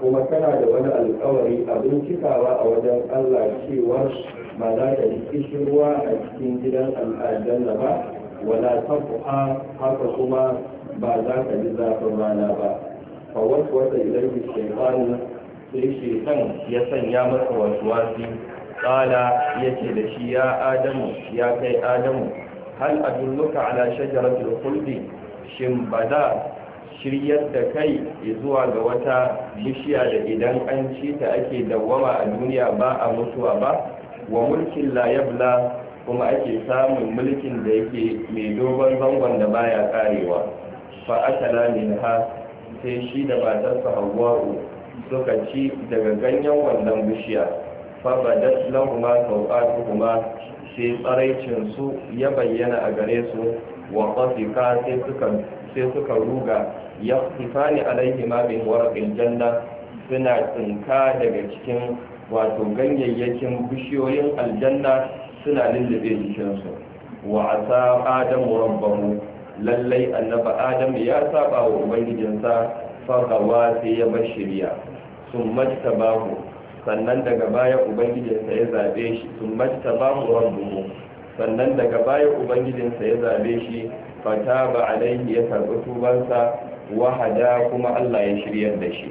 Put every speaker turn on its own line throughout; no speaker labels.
kuma tana da wani alkawari abin cikawa a wajen allah cewar ba za ta yi kishirwa a cikin gidan da ba wala kuwa haka kuma ba za ta ji zafin rana ba A wasu wata idan ki shaitanu sai ya sanya masa wasu wasu, kala yake da shi ya adamu ya kai adamu hal luka ala shajaratul khuldi shin ba za shiryar da kai zuwa ga wata bishiya da idan an ci ta ake dawwama a duniya ba a mutuwa ba wa mulkin layabla kuma ake samun mulkin da yake mai dogon zangon da baya karewa fa akala minha sai shi da matarsa hawwa'u suka ci daga ganyen wannan bishiya fa badat lahuma kuma sai tsaraicin su ya bayyana a gare su wa qafika sai sai suka ruga yaqtifani alaihima min warqil janna suna tsinka daga cikin wato ganyayyakin bishiyoyin aljanna suna lullube jikinsu wa asa adamu rabbahu lallai annaba adam ya saba wa ubangijinsa fagawa sai ya bar shirya sun majta bahu sannan daga baya ubangijinsa ya zabe shi sun majta bahu rabbuhu sannan daga baya ubangijinsa ya zabe shi fata ba alaihi ya karɓi tubansa wahada kuma Allah ya shiryar da shi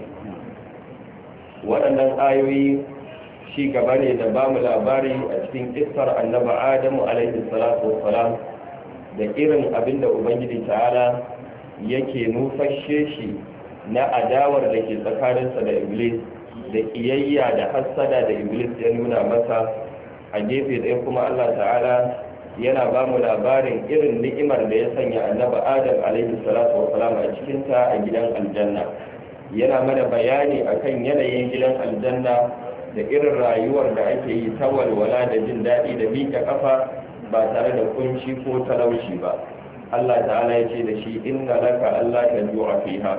waɗannan ayoyi shi gaba ne da ba mu labari a cikin ƙistar annaba adamu alaihi salatu wassalam da irin abinda ubangiji ta'ala yake nufashe shi na adawar da ke tsakaninsa da iblis da kiyayya da hassada da iblis ya nuna masa a gefe ɗaya kuma Allah ta'ala yana ba mu labarin irin ni'imar da ya sanya annabi adam alaihi salatu wa salam a cikinta a gidan aljanna yana mana bayani akan yanayin gidan aljanna da irin rayuwar da ake yi ta walwala da jin daɗi da miƙa ƙafa ba tare da kunci ko talauci ba Allah ta'ala ya ce da shi inna laka Allah ta ju'a fiha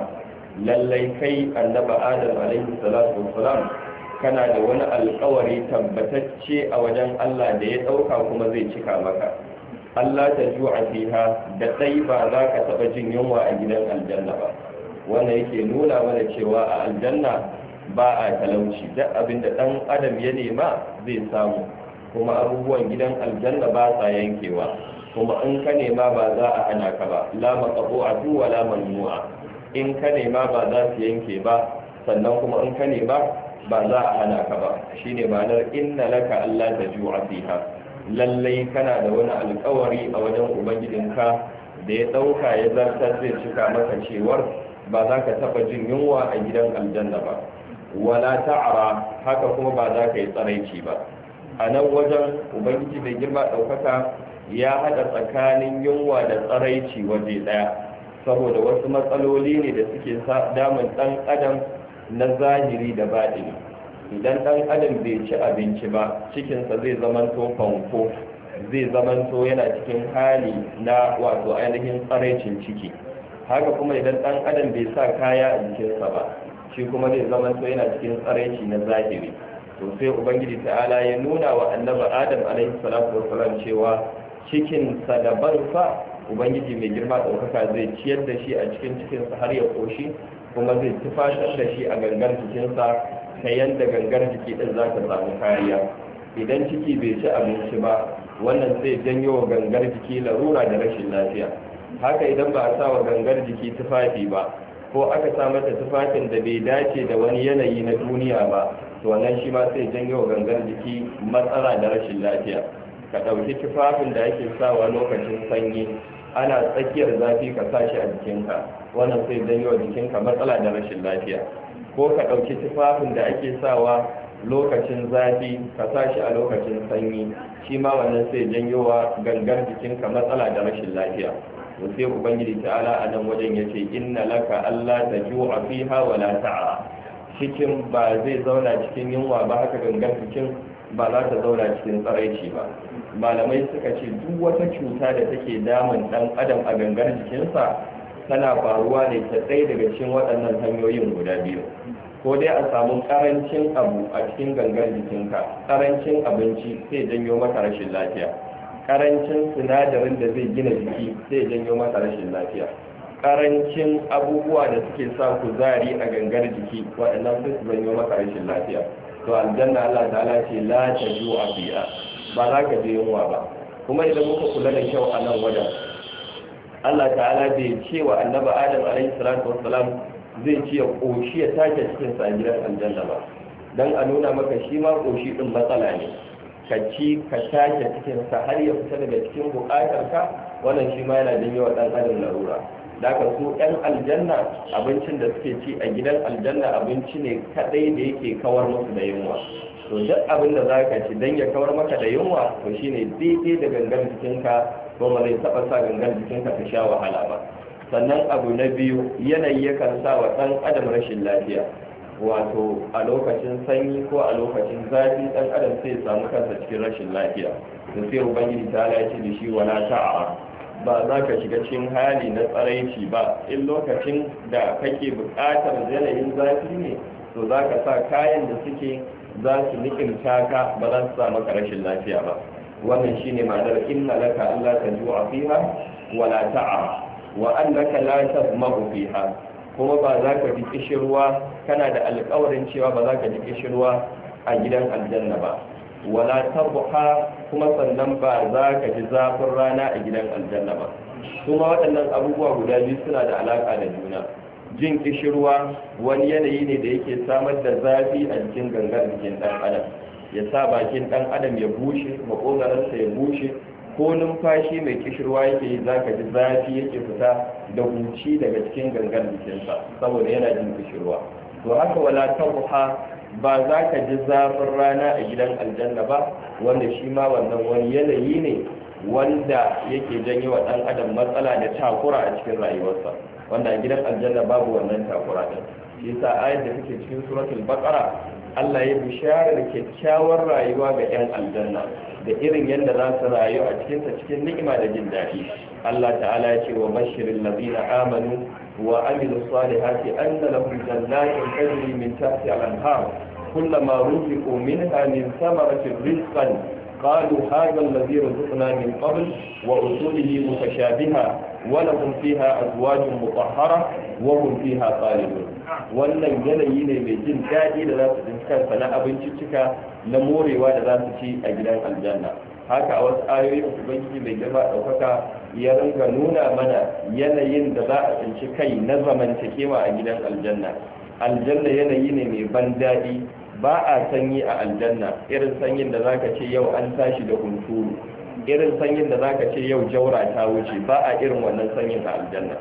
lallai kai annabi adam alaihi salatu wa salam kana da wani alkawari tabbatacce a wajen Allah da ya ɗauka kuma zai cika maka Allah ta ju'a fiha da ɗai ba za ka taɓa jin yunwa a gidan aljanna ba wannan yake nuna mana cewa a aljanna ba a talauci duk abin da ɗan adam ya nema zai samu kuma abubuwan gidan aljanna ba sa yankewa kuma in ka nema ba za a hana ka ba la maqbu'atu wa la mamnu'a in ka nema ba za su yanke ba sannan kuma in ka nema ba za a hana ka ba Shi ne ma'anar inna laka Allah ta ju'a fiha lallai kana da wani alkawari a wajen ubangijinka da ya ɗauka ya zartar zai cika maka cewar ba za ka taɓa jin yunwa a gidan aljanna ba wala ta'ara haka kuma ba za ka yi tsaraici ba a nan wajen ubangiji mai girma ɗaukaka ya haɗa tsakanin yunwa da tsaraici waje ɗaya saboda wasu matsaloli ne da suke damun ɗan adam na zahiri da baɗini idan ɗan adam bai ci abinci ba cikinsa zai zamanto fanko zai zamanto yana cikin hali na wato ainihin tsaraicin ciki haka kuma idan ɗan adam bai sa kaya a jikinsa ba shi kuma zai zamanto yana cikin tsaraici na zahiri to sai ubangiji ta'ala ya nuna wa annabi adam alaihi salatu wassalam cewa cikin sa da barfa ubangiji mai girma ɗaukaka zai ciyar da shi a cikin cikinsa har ya koshi kuma zai tufatar da shi a gangar jikinsa ta yadda gangar jiki ɗin za ta samu kariya idan ciki bai ci abinci ba wannan zai janyo wa gangar jiki larura da rashin lafiya haka idan ba a sa wa gangar jiki tufafi ba ko aka sa mata tufafin da bai dace da wani yanayi na duniya ba to wannan shi ma sai janyo wa gangar jiki matsala da rashin lafiya ka ɗauki tufafin da ake sawa lokacin sanyi ana tsakiyar zafi ka sashi a jikinka wannan sai janyo wa jikinka matsala da rashin lafiya ko ka ɗauki tufafin da ake sawa lokacin zafi ka sashi a lokacin sanyi shi ma wannan sai janyo wa gangar jikinka matsala da rashin lafiya to sai ubangiji ta'ala a nan wajen yace ce inna laka allah ta ju'a fiha wala ta'a cikin ba zai zauna cikin yunwa ba haka gangar jikin ba za ta zauna cikin tsaraici ba malamai suka ce duk wata cuta da take damun dan adam a gangar jikinsa tana faruwa ne ta ɗaya daga cikin waɗannan hanyoyin guda biyu ko dai a samu ƙarancin abu a cikin gangar jikinka ƙarancin abinci sai janyo maka rashin lafiya ƙarancin sinadarin da zai gina jiki sai janyo maka rashin lafiya ƙarancin abubuwa da suke sa kuzari a gangar jiki waɗannan su janyo maka rashin lafiya to aljanna Allah ta'ala ce la a fiha ba za ka je yunwa ba kuma idan muka kula da kyau a nan wajen Allah ta'ala bai ce wa annaba Adam alaihi salatu wassalam zai ce ya koshi ya take cikin sa gidan aljanna ba dan a nuna maka shi ma koshi din matsala ne ka ci ka take cikin sa har ya fita daga cikin bukatar ka wannan shi ma yana janyo wa ɗan adam larura daga ka so ɗan aljanna abincin da suke ci a gidan aljanna abinci ne kadai da yake kawar musu da yunwa to duk abin da zaka ci dan ya kawar maka da yunwa to shine daidai da gangan jikinka ba zai taɓa sa gangan jikinka ta sha wahala ba sannan abu na biyu yanayi yakan sa wa ɗan adam rashin lafiya wato a lokacin sanyi ko a lokacin zafi ɗan adam sai ya samu kansa cikin rashin lafiya da sai ubangiji ta ya ce da shi wala ta'a ba za ka shiga cikin hali na tsaraici ba in lokacin da kake buƙatar yanayin zafi ne to za ka sa kayan da suke za su nikinta ka ba za su samu lafiya ba wannan shi shine ma'adar inna laka Allah ta wa fiha wa la ta'a wa ka la tazma'u fiha kuma ba za ka ji kishirwa kana da alƙawarin cewa ba za ka ji kishirwa a gidan aljanna ba wala tarbuha kuma sannan ba za ka ji zafin rana a gidan aljanna ba kuma waɗannan abubuwa guda biyu suna da alaƙa da juna jin kishirwa wani yanayi ne da yake samar da zafi a jikin gangar jikin ɗan adam ya sa bakin ɗan adam ya bushe maƙogararsa ya bushe ko numfashi mai kishirwa yake yi za ka ji zafi yake fita da huci daga cikin gangar jikinsa saboda yana jin kishirwa to haka wala tabuha ba za ka ji zafin rana a gidan aljanna ba wanda shi ma wannan wani yanayi ne wanda yake janye wa ɗan adam matsala da takura a cikin rayuwarsa wanda a gidan aljanna babu wannan takura ɗin shi sa ayar da kake cikin suratul baqara Allah ya da kyakkyawar rayuwa ga 'yan aljanna da irin yadda za su rayu a cikinsa cikin ni'ima da jin daɗi Allah ta'ala ya ce wa bashirin lazina amanu وعملوا الصالحات أن لهم جنات تجري من تحتها الأنهار كلما رزقوا منها من ثمرة رزقا قالوا هذا الذي رزقنا من قبل وأصوله متشابهة ولهم فيها أزواج مطهرة وهم فيها خالدون wannan yanayi ne mai jin daɗi da za su dinka sana abinciccika na morewa da za su ci a gidan aljanna haka a wasu ayoyi ubangiji mai girma ɗaukaka ya ringa nuna mana yanayin da za a tsinci kai na zamantakewa a gidan aljanna aljanna yanayi ne mai ban daɗi ba a sanyi a aljanna irin sanyin da zaka ce yau an tashi da hunturu irin sanyin da zaka ce yau jaura ta wuce ba a irin wannan sanyin a aljanna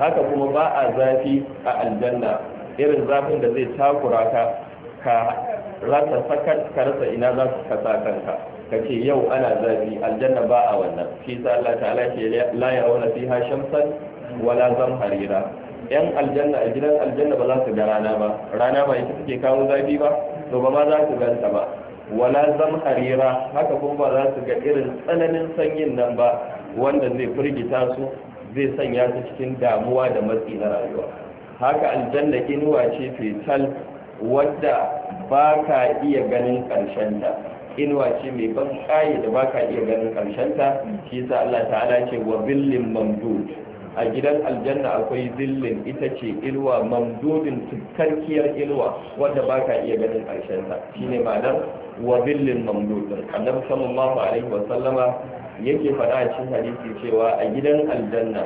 haka kuma ba a zafi a aljanna irin zafin da zai takura ka ka rasa sakar ka rasa ina za ka kasa kanka ka ce yau ana zafi aljanna ba a wannan shi sa Allah ta'ala ke la yarawna fiha shamsan wala zamharira yan aljanna a gidan aljanna ba za su ga rana ba rana ba ita take kawo zafi ba to ba ma za su ganta ba wala zamharira haka kuma ba za su ga irin tsananin sanyin nan ba wanda zai firgita su zai sanya su cikin damuwa da matsi na rayuwa haka aljanna inuwa ce fetal wadda ba ka iya ganin ƙarshen ta inuwa ce mai ban kayi da ba ka iya ganin karshenta shi yasa Allah ta'ala ce wa billin mamdud a gidan aljanna akwai zillin ita ce ilwa mamdudin tukarkiyar ilwa wadda ka iya ganin karshenta shine ma'anar wa billin mamdud annabi sallallahu alaihi wa sallama yake faɗa cikin hadisi cewa a gidan aljanna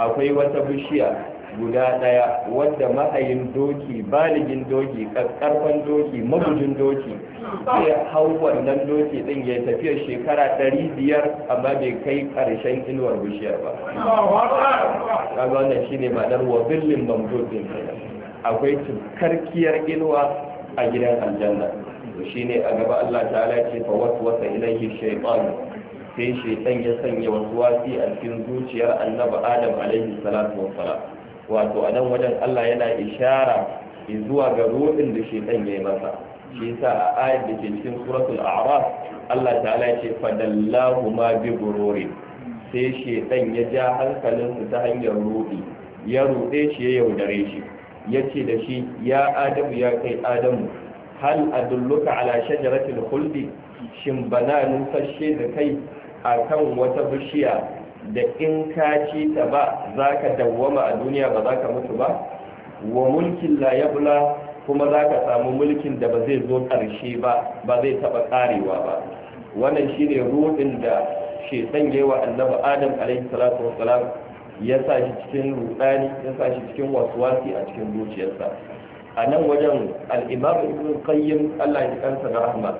akwai wata bishiya guda ɗaya wadda ma'ayin doki baligin doki ƙarfan doki magujin doki sai hau wannan doki ɗin ya tafiya shekara ɗari biyar amma bai kai ƙarshen inuwar bishiyar ba kaga wannan shine madar wa billin mamdudin akwai tukarkiyar inuwa a gidan aljanna shine a gaba Allah ta'ala ce fa wasu wasa ilayhi shaytan sai shaitan ya sanya wasu wasi a cikin zuciyar annabi adam alaihi salatu wassalam wato a nan wajen Allah yana ishara zuwa ga ruɗin da ɗan ya yi masa shi yasa a ayat da ke cikin suratul a'raf Allah ta'ala ya ce fadallahu ma bi gururi sai ɗan ya ja hankalin su ta hanyar ruɗi ya ruɗe shi ya yaudare shi ya ce da shi ya adamu ya kai adamu hal adulluka ala shajaratul khuldi shin bana nufashe da kai akan wata bishiya da in ka ci ta ba za ka dawwama a duniya ba za ka mutu ba wa mulkin la kuma za ka samu mulkin da ba zai zo ƙarshe ba ba zai taɓa ƙarewa ba wannan shi ne ruɗin da shi ya wa annabi adam alaihi salatu wasalam ya sa shi cikin ruɗani ya sa shi cikin wasuwasi a cikin zuciyarsa a nan wajen al'imam ibn qayyim Allah ya kansa da rahama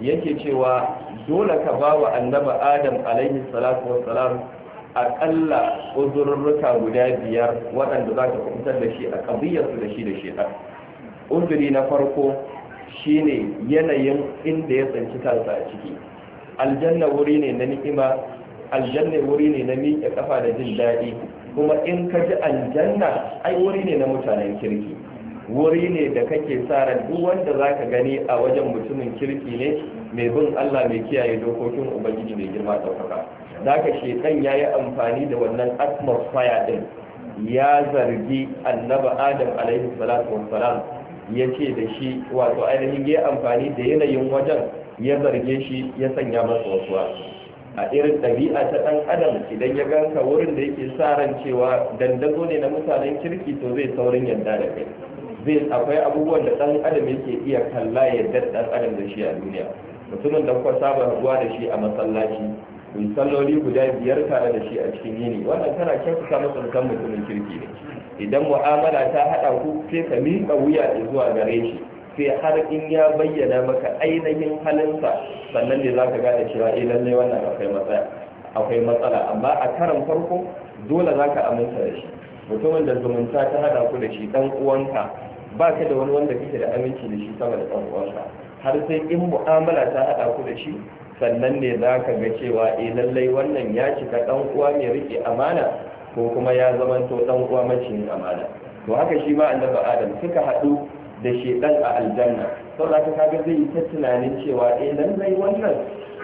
yake cewa dole ka ba wa annaba adam alaihi salatu wasalam aƙalla uzurruka guda biyar waɗanda za ka kubutar da shi a ƙabiyarsu da shi da shekar uzuri na farko shi ne yanayin inda ya tsanci kansa a ciki aljanna wuri ne na ni'ima aljanna wuri ne na miƙe ƙafa da jin daɗi kuma in ka ji aljanna ai wuri ne na mutanen kirki wuri ne da kake tsara duk wanda za ka gani a wajen mutumin kirki ne mai bin Allah mai kiyaye dokokin Ubangiji mai girma ɗaukaka za ka shekan ya yi amfani da wannan atmosphere ɗin ya zargi annaba adam alaihi salatu wassalam ya ce da shi wato ainihin ya amfani da yanayin wajen ya zarge shi ya sanya masa wasu a irin ɗabi'a ta ɗan adam idan ya ganka wurin da yake sa ran cewa dandazo ne na mutanen kirki to zai saurin yarda da kai zai akwai abubuwan da ɗan adam yake iya kalla ya dan adam da shi a duniya mutumin da kuka saba zuwa da shi a masallaci ku salloli guda biyar tare da shi a cikin yini wannan tana kyautata masa mutum mutumin kirki ne idan mu'amala ta haɗa ku sai ka miƙa wuya zuwa gare shi sai har in ya bayyana maka ainihin halinsa sannan ne za ka gane cewa eh lallai wannan akwai matsala akwai matsala amma a karan farko dole za ka aminta da shi mutumin da zumunta ta hada ku da shi dan uwanka ba ka da wani wanda kake da aminci da shi sama da dan uwanka har sai in mu'amala ta hada ku da shi sannan ne za ka ga cewa eh lallai wannan ya cika dan uwa mai rike amana ko kuma ya to dan uwa mai amana to haka shi ma annabi adam suka hadu da shedan a aljanna za ka ga zai yi ta tunanin cewa eh lallai wannan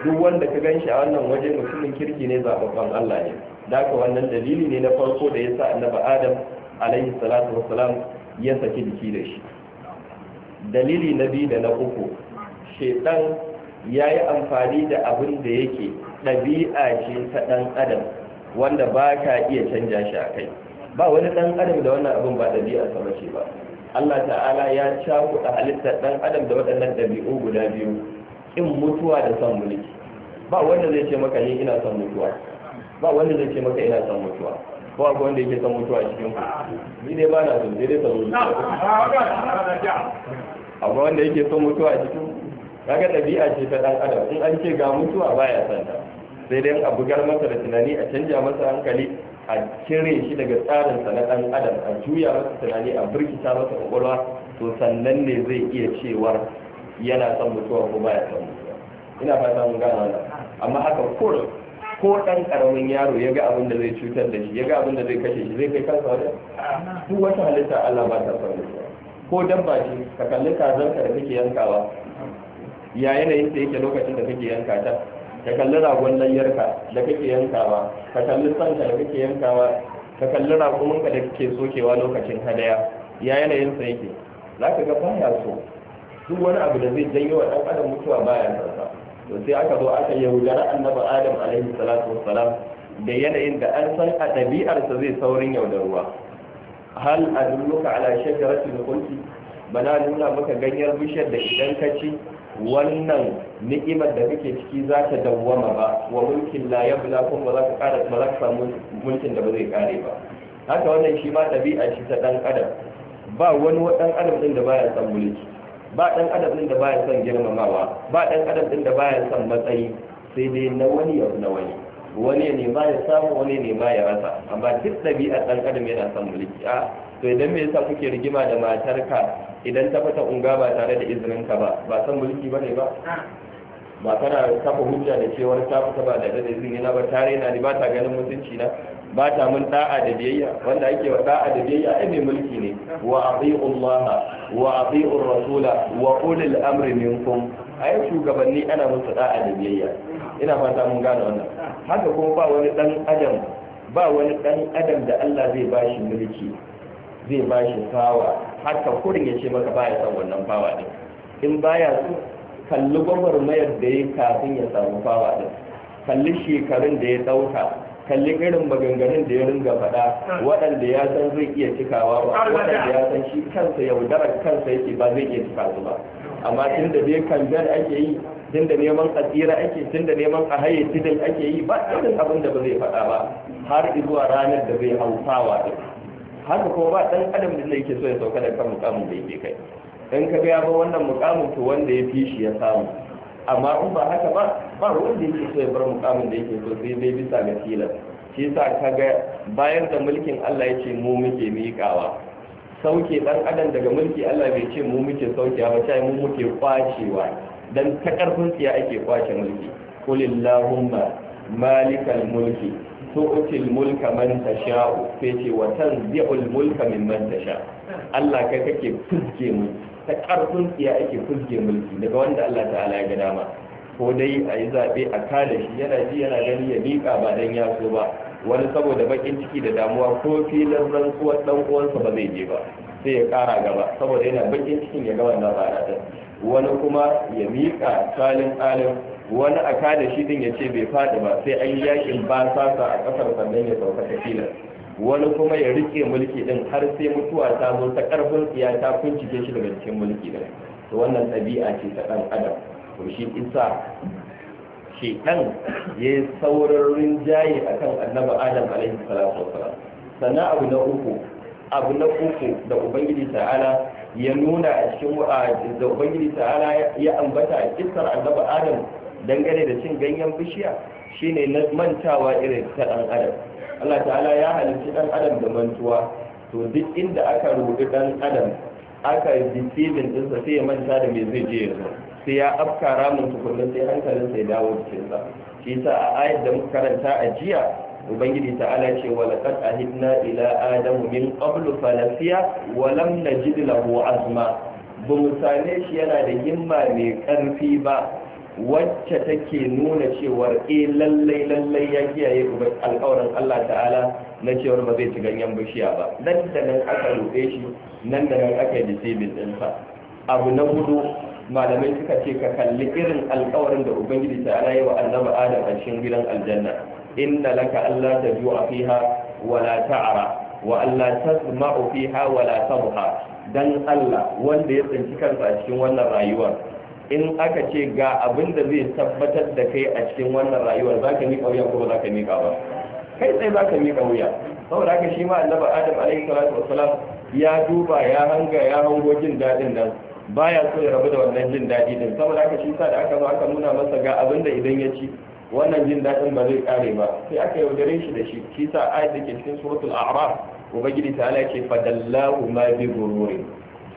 duk wanda ka ganshi a wannan waje mutumin kirki ne zababban Allah ne da wannan dalili ne na farko da ya sa annabi adam alaihi salatu wassalam ya saki jiki da shi dalili na biyu da na uku shaitan ya yi amfani da abin da yake ɗabi'a ce ta ɗan adam wanda ba ka iya canja shi a kai ba wani ɗan adam da wannan abin ba ɗabi'a sama ce ba Allah ta'ala ya da halittar ɗan adam da waɗannan ɗabi'u guda biyu in mutuwa da son mulki ba wanda zai ce maka ni ina son mutuwa ba wanda zai ce maka ina son mutuwa ko akwai wanda yake son mutuwa a cikin ku ni dai ba na son dai dai tsaro akwai wanda yake son mutuwa a cikin kaga ɗabi'a ce ta ɗan adam in an ce ga mutuwa baya son ta sai dai a bugar masa da tunani a canja masa hankali a cire shi daga tsarinsa na ɗan adam a juya masa tunani a birkita masa kwakwalwa to sannan ne zai iya cewar yana son mutuwa ko baya son mutuwa ina fata mun gane wannan amma haka kullum ko ɗan ƙaramin yaro ya ga abin da zai cutar da shi ya ga abin da zai kashe shi zai kai kansa wajen duk wata halitta Allah ba ta son ko dabba ce ka kalli kazan ka da kake yankawa ya yanayin da yake lokacin da kake yanka ta ka kalli ragon layyar ka da kake yankawa ka kalli sanka da kake yankawa ka kalli ka da kake sokewa lokacin hadaya ya yanayin sa yake za ka ga baya so duk wani abu da zai janyo wa ɗan adam mutuwa baya sa to sai aka zo aka yi annabi adam alaihi salatu wassalam da yanayin da an san a ɗabi'arsa zai saurin yaudarwa hal a dulluka ala shajaratul khuldi bana nuna maka ganyar bishiyar da idan ka ci wannan ni'imar da kake ciki za ta dawwama ba wa mulkin la yabla kun ba za ka ƙara ba za ka samu mulkin da ba zai ƙare ba haka wannan shi ma ɗabi'a shi ta ɗan adam ba wani ɗan adam ɗin da baya san mulki ba ɗan adam ɗin da baya son girmamawa ba ɗan adam ɗin da baya son matsayi sai dai na wani ya na wani wani ne ma ya samu wani ne ma ya rasa amma duk ɗabi'ar ɗan adam yana son mulki a to idan me yasa kuke rigima da matarka idan ta fita unga ba tare da izinin ka ba ba son mulki bane ba ba kana kafa hujja da cewar ta fita ba da da izini na ba tare na ni ba ta ganin mutunci na ba ta mun da'a da biyayya wanda ake wa da'a da biyayya ai mai mulki ne wa abi'u Allah wa abi'u Rasula wa ulil amri minkum ai shugabanni ana musu da'a da biyayya ina fata mun gane wannan haka kuma ba wani dan adam ba wani dan adam da Allah zai bashi mulki zai bashi sawa, haka kurin ya ce maka baya son wannan bawa din in baya su, kalli mayar da ya kafin ya samu bawa din kalli shekarun da ya dauka kalli irin maganganun da ya ringa faɗa waɗanda ya san zai iya cikawa ba waɗanda ya san shi kansa yaudarar kansa yake ba zai iya cika su ba amma tun da dai kamfen ake yi tun da neman tsira ake tun da neman a haye tidin ake yi ba irin abin da ba zai faɗa ba har zuwa ranar da zai hausawa ɗin haka kuma ba ɗan adam da zai ke so ya sauka da kan mukamin da yake kai in ka ga ya ba wannan mukamin to wanda ya fi shi ya samu amma in ba haka ba ba wanda yake so ya bar mukamin da yake so sai dai bisa ga tilas shi yasa ga bayan da mulkin Allah ya ce mu muke miƙawa sauke dan adam daga mulki Allah bai ce mu muke sauke ba sai mu muke kwacewa dan ta karfin tsiya ake kwace mulki kulillahumma malikal mulki tu'til mulka man tasha'u sai ce wa tanzi'ul mulka mimman tasha Allah kai kake fuske mulki ta karfin siya ake kuske mulki daga wanda Allah ta'ala ya ga dama ko dai a yi zaɓe a kada shi yana ji yana gani ya miƙa ba dan ya so ba wani saboda bakin ciki da damuwa ko filin rantsuwar dan uwansa ba zai je ba sai ya ƙara gaba saboda yana bakin cikin ya ga wannan rana wani kuma ya miƙa salin alim wani a kada shi din ya ce bai faɗi ba sai an yi yakin ba sasa a ƙasar sannan ya sauka ta filin wani kuma ya rike mulki din har sai mutuwa ta zo ta karfin tsiya ta kuncike shi daga cikin mulki din to wannan ɗabi'a ce ta ɗan adam to shi isa shi ɗan ya yi saurarin jaye a kan annaba adam alaihi salatu wasalam sannan abu na uku abu na uku da ubangiji ta'ala ya nuna a cikin da ubangiji ta'ala ya ambata a kisar annaba adam dangane da cin ganyen bishiya shine na mantawa irin ta dan adam Allah ta'ala ya halicci dan adam da mantuwa to duk inda aka rubuta dan adam aka deceiving dinsa sai ya manta da mai zai je yanzu sai ya afka ramin tukunan sai hankalin sai dawo cikinsa shi sa a ayat da muka karanta a jiya ubangiji ta'ala ce wa laqad ahidna ila adamu min qablu falasiya wa lam najid lahu azma bu musane shi yana da himma mai karfi ba wacce take nuna cewar eh lallai lallai ya kiyaye alƙawarin Allah ta'ala na cewar ba zai ci ganyen bishiya ba nan da nan aka rufe shi nan da nan aka yi disabin ɗinsa abu na hudu malamai suka ce ka kalli irin alƙawarin da ubangiji ta'ala ya wa annabi adam a cikin gidan aljanna inna laka alla tajua fiha wala ta'ara wa alla tasma'u fiha wala tabha dan Allah wanda ya tsinci kansa a cikin wannan rayuwar in aka ce ga abin da zai tabbatar da kai a cikin wannan rayuwar za ka miƙa wuya ko ba za ka miƙa ba kai tsaye za ka miƙa wuya saboda haka shi ma annabi adam alaihi salatu wassalam ya duba ya hanga ya hango jin daɗin nan baya so ya rabu da wannan jin daɗi din saboda haka shi sa da aka zo aka nuna masa ga abin da idan ya ci wannan jin daɗin ba zai kare ba sai aka yaudare shi da shi shi sa ayat da ke cikin suratul a'raf ubangiji ta ala ce fadallahu ma bi gururi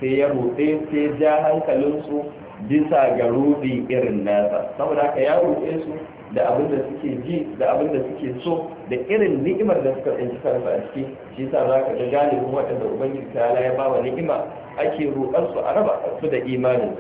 sai ya rutse sai ja hankalinsu bisa ga rudi irin nasa saboda haka ya roƙe su da abin da suke ji da abin da suke so da irin ni'imar da suka tsinci kansa a ciki shi sa za ka ga galibin waɗanda ubangiji ta ya ba wa ni'ima ake roƙar su a raba su da imanin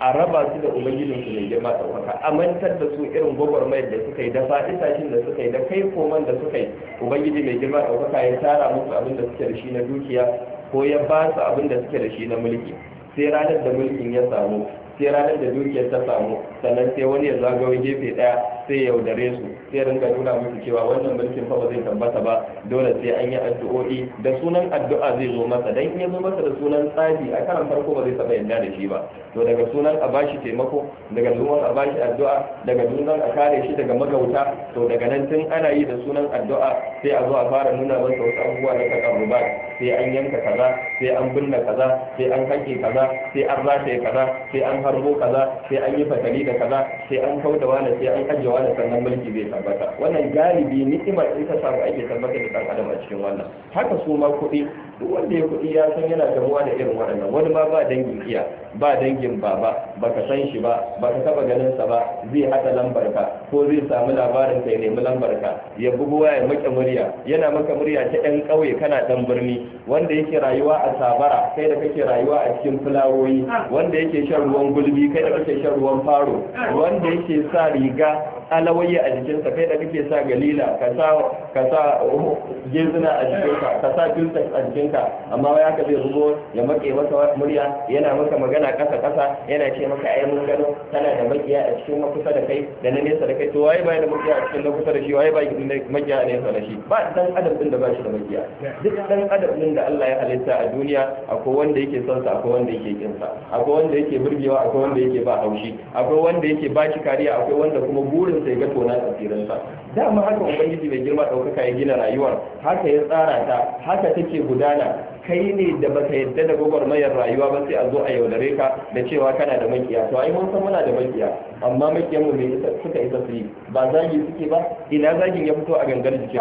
a raba su da ubangijin su mai girma ɗaukaka a mantar da su irin gwagwarmayar da suka yi da faɗi da suka yi da kai koman da suka yi ubangiji mai girma ɗaukaka ya tara musu abin da suke da shi na dukiya ko ya ba su abin da suke da shi na mulki sai ranar da mulkin ya samu sai ranar da dukiyar ta samu sannan sai wani ya zagawa gefe ɗaya. sai yaudare su sai ringa nuna musu cewa wannan mulkin fa ba zai tabbata ba dole sai an yi addu'o'i da sunan addu'a zai zo masa dan in ya zo masa da sunan tsafi a karan farko ba zai taba yadda da shi ba to daga sunan a bashi taimako daga sunan a bashi addu'a daga sunan a kare shi daga magauta to daga nan tun ana yi da sunan addu'a sai a zo a fara nuna masa wasu abubuwa na takarruba sai an yanka kaza sai an binne kaza sai an hanke kaza sai an rataye kaza sai an harbo kaza sai an yi fatali da kaza sai an kauda wani sai an ajiye kasancewa da sannan mulki zai tabbata wannan galibi ni'imar in ta samu ake tabbata da dan adam a cikin wannan haka su ma kuɗi duk wanda ya kuɗi ya san yana damuwa da irin waɗannan wani ma ba dangin iya ba dangin baba baka san shi ba baka taba ganin sa ba zai hada lambar ka ko zai samu labarin ka ya nemi lambar ka ya bugu waya maka murya yana maka murya ta ɗan ƙauye kana ɗan birni wanda yake rayuwa a sabara kai da kake rayuwa a cikin fulawoyi wanda yake shan ruwan gulbi kai da kake shan ruwan faro wanda yake sa riga alawaye a jikinsa kai da kake sa galila ka sa ka sa jinsuna a jikinka ka sa filtex a jikinka amma wai ka zai zubo ya make masa murya yana maka magana kasa kasa yana ce maka ai mun gano kana da makiya a cikin makusa da kai da na nesa da kai to waye bai da makiya a cikin kusa da shi waye bai da makiya a nesa da shi ba dan adam din da ba shi da makiya duk dan adam din da Allah ya halitta a duniya akwai wanda yake son sa akwai wanda yake kin sa akwai wanda yake burgewa akwai wanda yake ba haushi akwai wanda yake ba shi kariya akwai wanda kuma mutum sai ga tona tsirinsa dama haka ubangiji mai girma ɗaukaka ya gina rayuwar haka ya tsara ta haka take gudana kai ne da baka yadda da gwagwarmayar rayuwa ba sai a zo a yaudare ka da cewa kana da makiya to ai mun san muna da makiya amma makiyan mu ne suka isa su yi ba zagi suke ba ina zagin ya fito a gangar jiki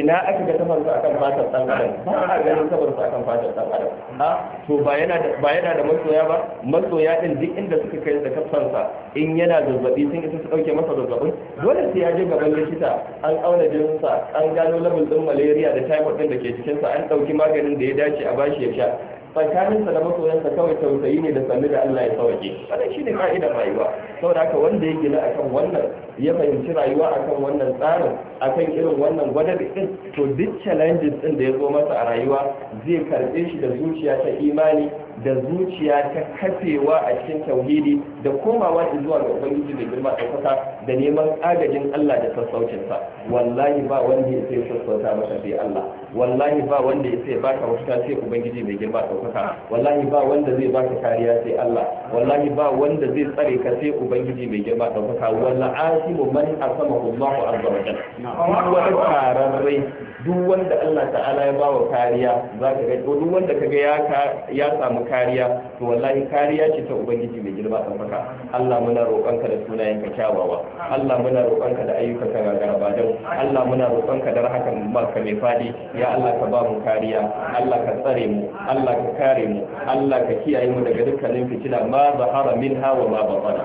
ina aka ga tafar su akan fatar dan adam ba a ganin tafar su akan fatar dan adam ha to ba yana da ba yana da masoya ba masoya din duk inda suka kai da sa in yana zazzabi sun isa su dauke masa zazzabin dole sai ya je gaban likita an auna jinsa an gano labin din malaria da typhoid din da ke sa an dauki maganin da ya dace bashi a bashi ya sha tsakaninsa da masoyansa kawai tausayi ne da sannu da Allah ya sauke wannan shine ka'idar rayuwa saboda haka wanda ya gina akan wannan ya fahimci rayuwa akan wannan tsarin akan irin wannan gwadar din to duk challenges din da ya zo masa a rayuwa zai karbe shi da zuciya ta imani da zuciya ta kafewa a cikin tauhidi da komawa zuwa ga ubangiji da girma ɗaukaka da neman agajin Allah da sassaucinsa wallahi ba wanda ya sai sassauta maka sai Allah wallahi ba wanda ya sai baka mafita sai ubangiji mai girma ɗaukaka wallahi ba wanda zai baka kariya sai Allah wallahi ba wanda zai tsare ka sai ubangiji mai girma ɗaukaka walla asimu man asama Allahu azza wa jalla duk wani kararrai duk wanda Allah ta'ala ya bawa kariya zaka ga duk wanda kaga ya ya samu kariya to wallahi kariya ce ta ubangiji mai girma ɗaukaka Allah muna roƙonka da sunayenka kyawawa Allah muna roƙonka da ayyukanka gagarabadan Allah muna roƙonka da rahakan barka mai fadi ya Allah ka ba mu kariya Allah ka tsare mu Allah ka kare mu Allah ka kiyaye mu daga dukkanin fitina ma zahara minha wa ma batana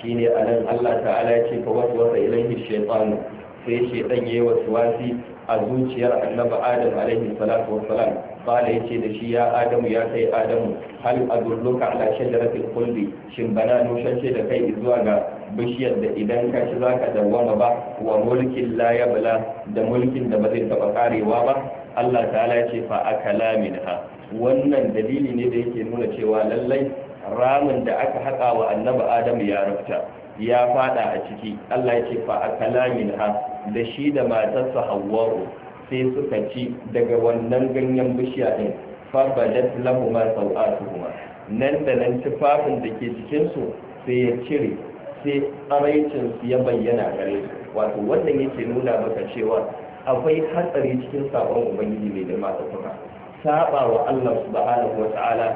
shine anan Allah ta'ala ya ce fa waswasa ilaihi shaytanu sai shaytan yayi waswasi a zuciyar annabi adam alaihi salatu wassalam qala yace da shi ya adamu ya kai adamu hal adulluka ala shajaratil khuldi shin bana nushance da kai zuwa ga bishiyar da idan ka ci zaka dawwama ba wa mulkin la yabla da mulkin da ba zai taba karewa ba Allah ta'ala ce fa akala minha wannan dalili ne da yake nuna cewa lallai ramin da aka haƙa wa annabi adam ya rufta ya fada a ciki Allah ya ce fa akala minha da shi da matarsa hawwa'u sai suka ci daga wannan ganyen bishiya din ma sau'atu sau'atuhuma nan da nan tufafin da ke cikinsu su sai ya cire sai tsaraicinsu su ya bayyana gare su wato wannan yake nuna maka cewa akwai hatsari cikin sabon ubangiji mai girma da kuma saba wa Allah subhanahu ya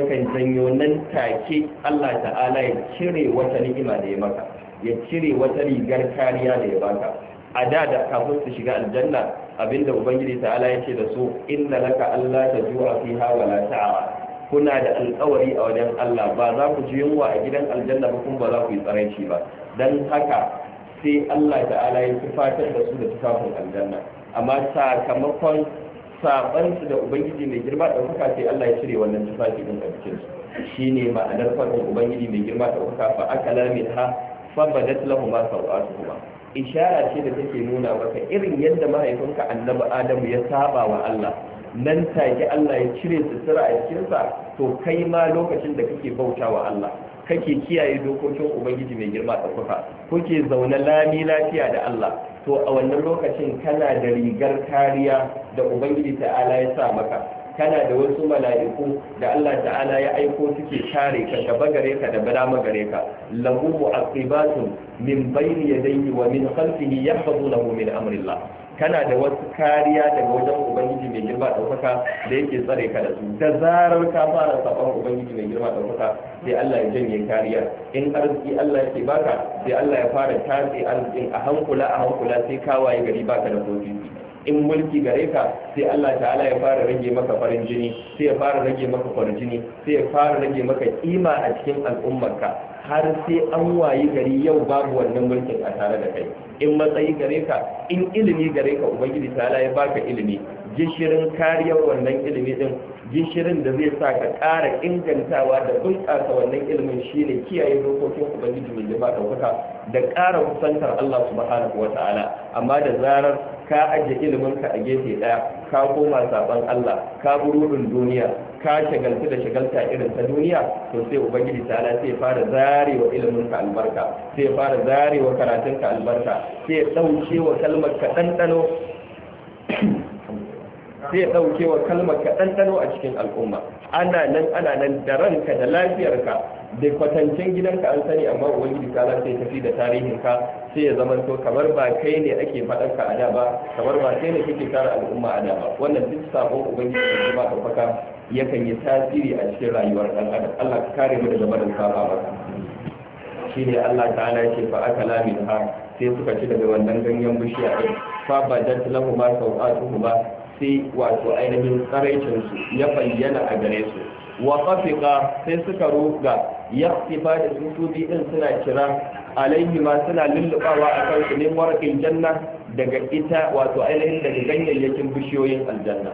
yakan janyo nan take Allah ta'ala ya cire wata ni'ima da ya maka ya cire wata rigar kariya da ya baka a da da kafin su shiga aljanna abinda ubangiji ta'ala ya ce da su inna laka allah ta ju'a fiha wa la ta'ara kuna da alƙawari a wajen allah ba za ku ji yunwa a gidan aljanna ba kuma ba za ku yi tsaraici ba dan haka sai allah ta'ala ya tufatar da su da tufafin aljanna amma sakamakon sabansu da ubangiji mai girma kuka, sai allah ya cire wannan tufafi din a jikinsu shine ma'anar faɗin ubangiji mai girma ɗaukaka fa akala min ha fa badat lahum ma sawatuhuma ishara ce da take nuna maka irin yadda mahaifinka annabi adamu ya saba wa Allah nan take Allah ya cire sutura a cikinsa to kai ma lokacin da kake bauta wa Allah kake kiyaye dokokin ubangiji mai girma kuka, kuke zaune lami lafiya da Allah to a wannan lokacin kana da rigar kariya da ubangiji ta'ala ya sa maka kana da wasu mala'iku da Allah ta'ala ya aiko suke share ka gaba gare ka da bala magare ka lahu mu'aqibatun min bayni yadayhi wa min khalfihi yahfazunahu min Allah. kana da wasu kariya daga wajen ubangiji mai girma ɗaukaka da yake tsare ka da su da zarar ka fara saban ubangiji mai girma ɗaukaka sai Allah ya janye kariya in arziki Allah ya ce baka sai Allah ya fara tatse arzikin a hankula a hankula sai ka gari baka da kofi in mulki gare ka sai Allah ta'ala ya fara rage maka farin jini sai ya fara rage maka farin jini sai ya fara rage maka kima a cikin al'ummarka har sai an wayi gari yau babu wannan mulkin a tare da kai in matsayi gare ka in ilimi gare ka ubangiji ta ya baka ilimi gishirin kariyar wannan ilimi din gishirin da zai sa ka ƙara ingantawa da bunƙasa wannan ilimin shine kiyaye dokokin ubangiji mai jama'a kuka da ƙara kusantar Allah subhanahu wa ta'ala amma da zarar ka ajiye iliminka a gefe ɗaya ka koma saban Allah ka burudin duniya ka shagaltu da shagalta irin ta duniya to sai ubangiji ta'ala sai fara zarewa iliminka albarka sai fara zarewa karatunka albarka sai ɗauke wa kalmar ka ɗanɗano sai ya ɗauke wa kalmar ka ɗanɗano a cikin al'umma ana nan ana nan da ranka da lafiyarka da kwatancin gidanka an sani amma da ta sai tafi da tarihinka sai ya zama to kamar ba kai ne ake faɗan a da ba kamar ba kai ne kake tara al'umma a da ba wannan duk sabon ubangiji da kuma ɗaukaka yakan yi tasiri a cikin rayuwar ɗan adam Allah ka kare mu daga barin saba Shi ne Allah ta'ala ya ce fa aka min ha sai suka ci daga wannan ganyen bishiya din fa badat lahu ma sau'atuhu ba sai wato ainihin tsaraicinsu ya bayyana a gare su wa sai suka ruga ya tsifa da tsutsotsi din suna kira alaihi ma suna lullubawa a kan su neman rakin janna daga ita wato ainihin daga ganyayyakin bishiyoyin aljanna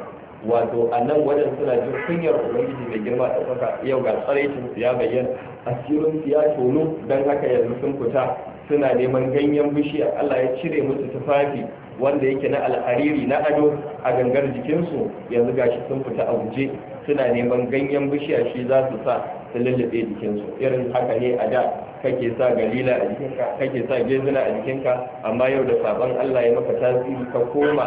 wato a nan wajen suna jin kunyar ubangiji mai girma da kuka yau ga tsaraicin su ya bayyana asirin su ya tono don haka yanzu sun fita suna neman ganyen bishiya allah ya cire musu tufafi wanda yake na alhariri na ado a gangar jikinsu yanzu gashi sun fita a guje suna neman ganyen bishiya shi za su sa su lullube jikinsu irin haka ne a da kake sa galila a jikinka kake sa gezina a jikinka amma yau da sabon allah ya maka tasiri ka koma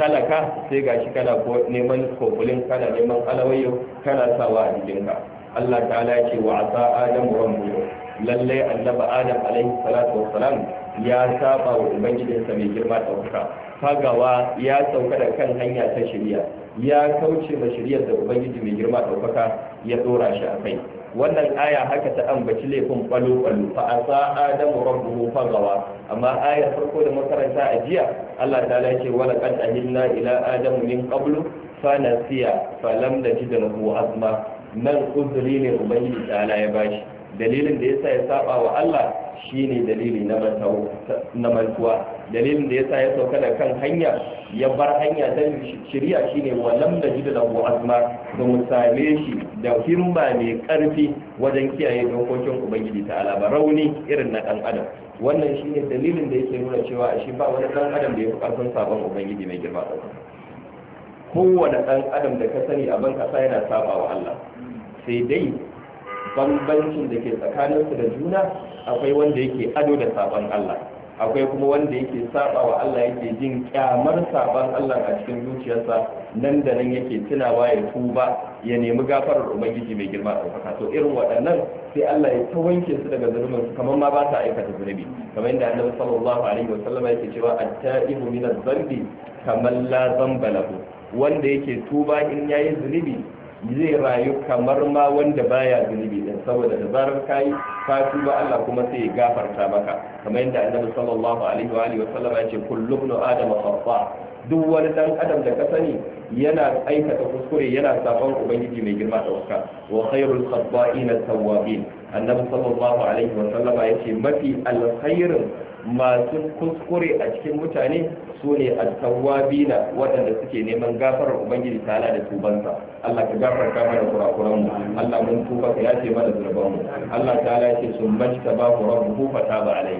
talaka sai gashi kana neman kofulin kana neman alawayo kana sawa a jikinka allah ta ya ce wa asa adamu lallai annabi adam alaihi salatu salam. ya saba wa ubangijinsa mai girma ɗauka fagawa ya sauka da kan hanya ta shirya ya kauce ma shiryar da ubangiji mai girma ɗaukaka ya ɗora shi a kai wannan aya haka ta ambaci laifin kwalo-kwalo fa a sa adamu rabbuhu fagawa amma ayar farko da makaranta a jiya Allah ta lace wala qad ahilna ila adamu min qablu fa nasiya fa lam najid lahu azma nan uzuri ne ubangiji ta ya bashi dalilin da ya sa ya saba wa Allah shine dalili na mantuwa dalilin da yasa ya sauka da kan hanya ya bar hanya ta shirya shine wa da najid lahu azma da mu same shi da himma mai karfi wajen kiyaye dokokin ubangiji ta alaba rauni irin na dan adam wannan shine dalilin da yake nuna cewa shi ba wani dan adam da ya fi karfin sabon ubangiji mai girma kowane dan adam da ka sani a ban kasa yana saba wa Allah sai dai bambancin da ke tsakaninsu da juna akwai wanda yake ado da sabon Allah akwai kuma wanda yake saba wa Allah yake jin kyamar sabon Allah a cikin zuciyarsa nan da nan yake tunawa ya tuba ya nemi gafarar ubangiji mai girma ƙasa to irin waɗannan sai Allah ya ta wanke su daga zulmin su kamar ma ba ta aikata zunubi kamar yadda annabi sallallahu alaihi wa sallama yake cewa at-ta'ibu min adh-dhanbi kaman la dhanba lahu wanda yake tuba in yayi zunubi zai rayu kamar ma wanda baya zunubi din saboda da zarar kai ka tuba Allah kuma sai ya gafarta maka kamar yadda Annabi sallallahu alaihi wa alihi wa sallama ya ce kullu ibn adam khata duk wani dan adam da ka sani yana aikata kuskure yana sabon ubangiji mai girma da waka wa khairul khata'in at-tawwabin Annabi sallallahu alaihi wa sallama ya ce mafi alkhairin masu kuskure a cikin mutane su ne na waɗanda suke neman gafarar ubangiji tala da tubansa Allah ka gafar mana kurakuran mu Allah mun tuba ka yace mana zurban mu Allah ta ya ce sun ba ku ta fataba alai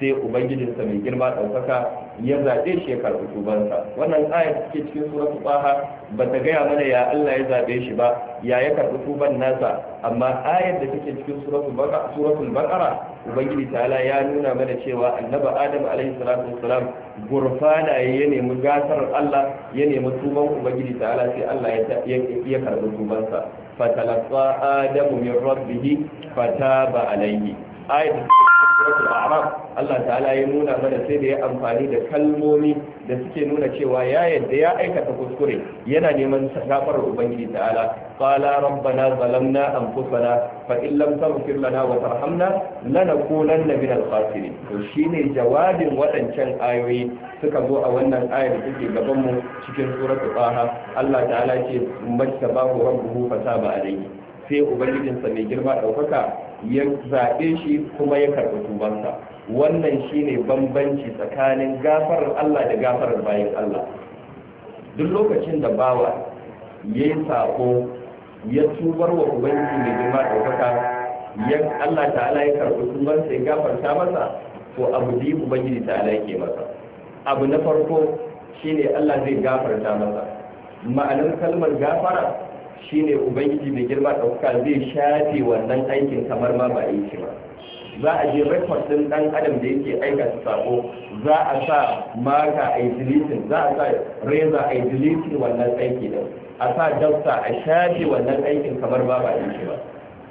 sai ubangijinsa mai girma ɗaukaka ya zaɓe shi ya karɓi tubansa wannan ayar take cikin suratu baha ba ta gaya mana ya Allah ya zaɓe shi ba ya ya karɓi tuban nasa amma ayar da take cikin suratu baka suratul baqara ubangiji ta'ala ya nuna mana cewa annabi adam alaihi salatu wassalam gurfana ya nemi gasarar Allah ya nemi tuban ubangiji ta'ala sai Allah ya karɓi tubansa fatalaqqa adamu min rabbih fataba alaihi ayar Allah ta'ala ya nuna mana sai da ya amfani da kalmomi da suke nuna cewa ya yadda ya aikata kuskure yana neman gafarar ubangiji ta'ala qala rabbana zalamna anfusana fa in lam taghfir lana wa tarhamna lanakunanna min al-khasirin to shine jawabin wadancan ayoyi suka zo a wannan ayar da take gaban mu cikin suratul Allah ta'ala ce majtabahu rabbuhu a alayhi sai ubangijinsa mai girma ɗaukaka. ya zaɓe shi kuma ya karɓi tubansa wannan shine bambanci tsakanin gafarar Allah da gafarar bayan Allah duk lokacin da bawa ya yi sako ya tubar wa ubangi mai girma ɗaukaka ya Allah ta'ala ya karɓi tubansa ya gafarta masa ko abu biyu ta ta'ala yake masa abu na farko shine Allah zai gafarta masa ma'anar kalmar gafara Shi ne ubangiji mai girma ɗauka zai shafe wannan aikin kamar ma ba yi shi ba za a je rekod ɗin ɗan adam da yake su sako za a sa maka a za a sa reza a wannan aiki da, a sa dafta a shafe wannan aikin kamar ma ba yi shi ba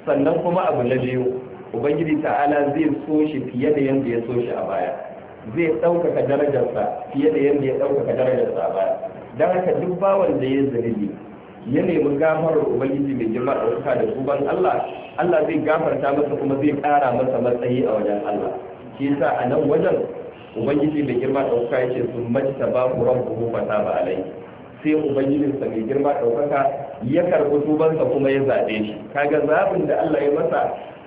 sannan kuma abu na biyu ubangiji ta'ala zai so shi fiye da yadda ya so shi a baya zai ɗaukaka darajarsa fiye da yadda ya ɗaukaka darajarsa a baya don haka duk bawan da ya zurbi ya nemi gafarar ubangiji mai girma da wuta da tuban Allah Allah zai gafarta masa kuma zai ƙara masa matsayi a wajen Allah shi yasa a nan wajen ubangiji mai girma a wuta yake sun majta ba ku rabbuhu fa taba alai sai ubangijin sa mai girma da ya karɓi tuban sa kuma ya zaɓe shi kaga zabin da Allah ya masa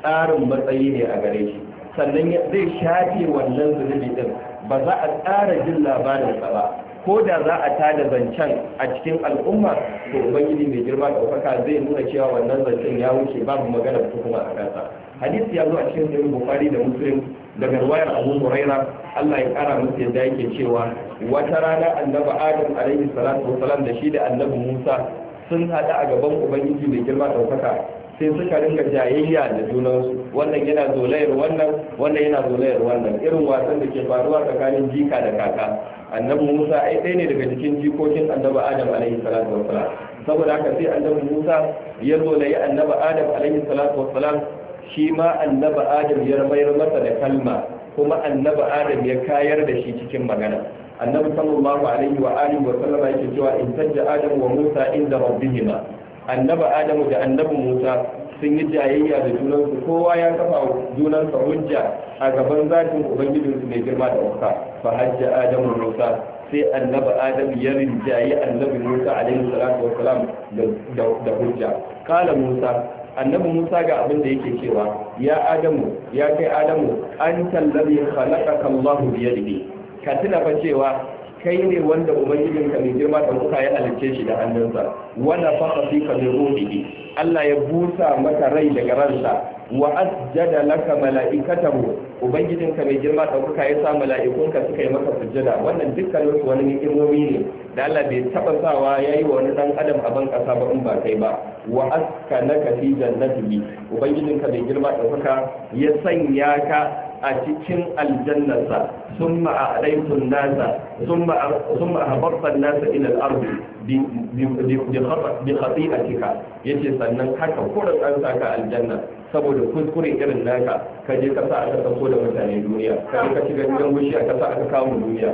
tsarin matsayi ne a gare shi sannan zai shafe wannan zunubi din ba za a tsara jin labarin sa ba ko da za a tada zancen a cikin al'umma to ubangiji mai girma da ɗaukaka zai nuna cewa wannan zancen ya wuce babu magana da kuma a kansa hadisi ya zo a cikin sahih bukhari da muslim daga ruwayar abu huraira Allah ya kara musu yadda yake cewa wata rana annabi adam alaihi salatu wasalam da shi da annabi musa sun hada a gaban ubangiji mai girma ɗaukaka sai suka ringa jayayya da junansu wannan yana zolayar wannan wannan yana zolayar wannan irin wasan da ke faruwa tsakanin jika da kaka annabi musa ai ɗaya ne daga cikin jikokin annabi adam alaihi salatu wassalam saboda haka sai annabi musa ya zolayi annabi adam alaihi salatu wassalam shi ma annabi adam ya mayar masa da kalma kuma annabi adam ya kayar da shi cikin magana annabi sallallahu alaihi wa alihi wa sallama yake cewa in tajja adam wa musa inda rabbihima annaba adamu da annabi musa sun yi jayayya da junansu kowa ya kafa junansa hujja a gaban zatin ubangijinsu mai girma da wuka fa hajja adamu musa sai annaba adam ya rinjaye annabi musa alaihi salatu wassalam da hujja kala musa annabi musa ga abin da yake cewa ya adamu ya kai adamu an tallabi khalaqaka allah biyadihi ka tuna fa cewa kai ne wanda ubangijin ka mai girma da muka ya halicce shi da hannunsa wala faqa fi ka ruhihi Allah ya busa maka rai daga ransa wa asjada laka malaikatahu ubangijin ka mai girma da muka ya sa mala'ikun ka suka yi maka sujjada wannan dukkanin su wani ni'imomi ne da Allah bai taba sawa yayi wa wani dan adam a ban kasa ba in ba kai ba wa askanaka fi jannatihi ubangijin ka mai girma da muka ya sanya ka a cikin aljannasa, sun ma'a alaikun nasa sun ma'a babban nasa ilal arbi bi hatsi a cika ya ce sannan haka kurin an saka aljanna saboda kuskure irin naka ka je kasa aka sako da mutane duniya ka ka shiga gidan gushi a kasa aka kamun duniya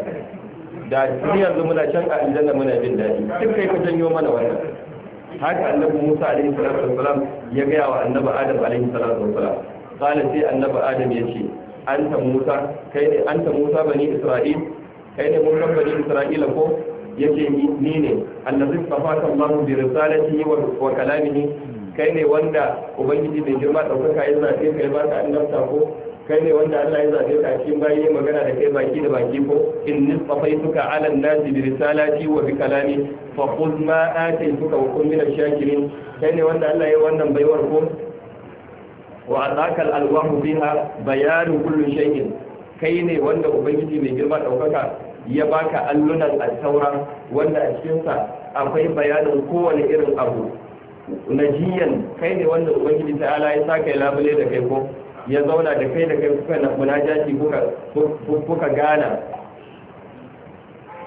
da duniya yanzu muna can a aljanna muna jin daɗi duk kai ka janyo mana wannan haka annabi musa alaihi salatu wasalam ya gaya wa annabi adam alaihi salatu wasalam qala sai annabi adam ya ce anta musa kai ne anta musa bani isra'il kai ne musa bani isra'ila ko yake ni ne allazi safaka allah bi risalatihi wa kalamihi kai ne wanda ubangiji mai girma daukaka ya zabe kai ba ka annabta ko kai ne wanda Allah ya zabe ka cikin bayi magana da kai baki da baki ko in nisfafaituka ala nasi bi risalati wa bi kalami fa khudh ma ataytuka wa kun min ash-shakirin kai ne wanda Allah ya yi wannan baiwar ko wa ataka al-alwahu biha bayanu kulli shay'in kai ne wanda ubangiji mai girma daukaka ya baka allunan al-taura wanda a cikin sa akwai bayanin kowane irin abu najiyan kai ne wanda ubangiji ta'ala ya saka labule da kai ko ya zauna da kai da kai kuka na munajati kuka kuka gana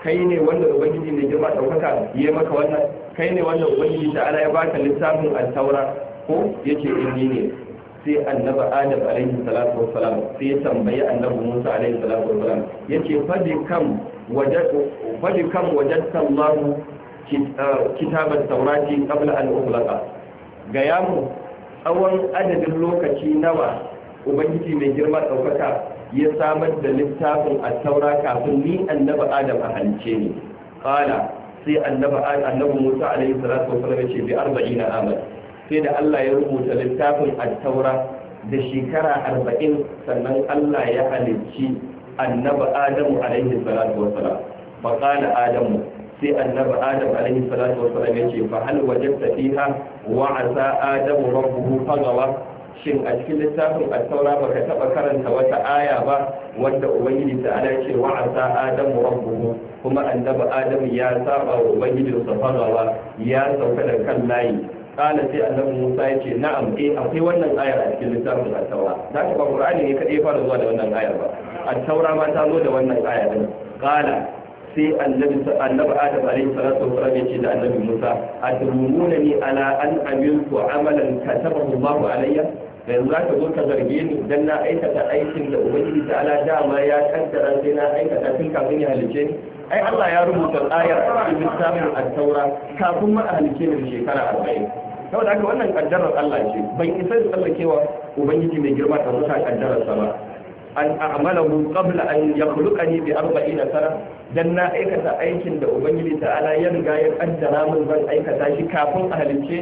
kai ne wanda ubangiji mai girma daukaka ya maka wannan kai ne wanda ubangiji ta'ala ya baka lissafin al-taura ko yace inni ne sai annabi adam alaihi salatu wassalam sai ya tambayi annabi musa alaihi salatu wassalam yace fadi kam wajad fadi kam wajadta allah uh, kitabat taurati qabla an ughalaqa gaya mu tsawon adadin lokaci nawa ubangiji mai girma daukaka ya samar da littafin at-taura kafin ni annabi adam a halice ni qala sai annabi annabi musa alaihi salatu wassalam yace bi 40 amal sai da Allah ya rubuta littafin attaura da shekara arba'in sannan Allah ya halicci annaba Adamu alaihi salatu wa fa qala Adamu sai annaba Adam alaihi salatu wa ya ce fa hal wajadta fiha wa asa Adamu rabbuhu fagawa shin a cikin littafin attaura taura baka taba karanta wata aya ba wanda ubangiji ta ala ce wa asa adamu rabbuhu kuma annaba adamu ya saba wa ubangijinsa fagawa ya sauka da kan layi kala sai annabi Musa ya ce na'am eh akwai wannan ayar a cikin littafin al taura ta ba Qur'ani ne kadai fara zuwa da wannan ayar ba al taura ma ta zo da wannan ayar din kala sai annabi annabi Adam alayhi salatu wasallam ya ce da annabi Musa atrumuna ni ala an amiltu amalan katabahu Allahu alayya da yanzu zaka zo ka zarge ni dan na aikata aikin da Ubangiji ta ala dama ya kaddara sai na aikata tun kafin ya halice ni ai Allah ya rubuta ayar a cikin littafin al taura kafin ma a halice da shekara 40 saboda haka wannan kaddarar Allah ce ban isa da tsallakewa ubangiji mai girma ta rusa kaddara ba an mu qabla an yakhluqani bi 40 sana dan na aikata aikin da ubangiji ta'ala ya riga ya kaddara min zan aikata shi kafin a halice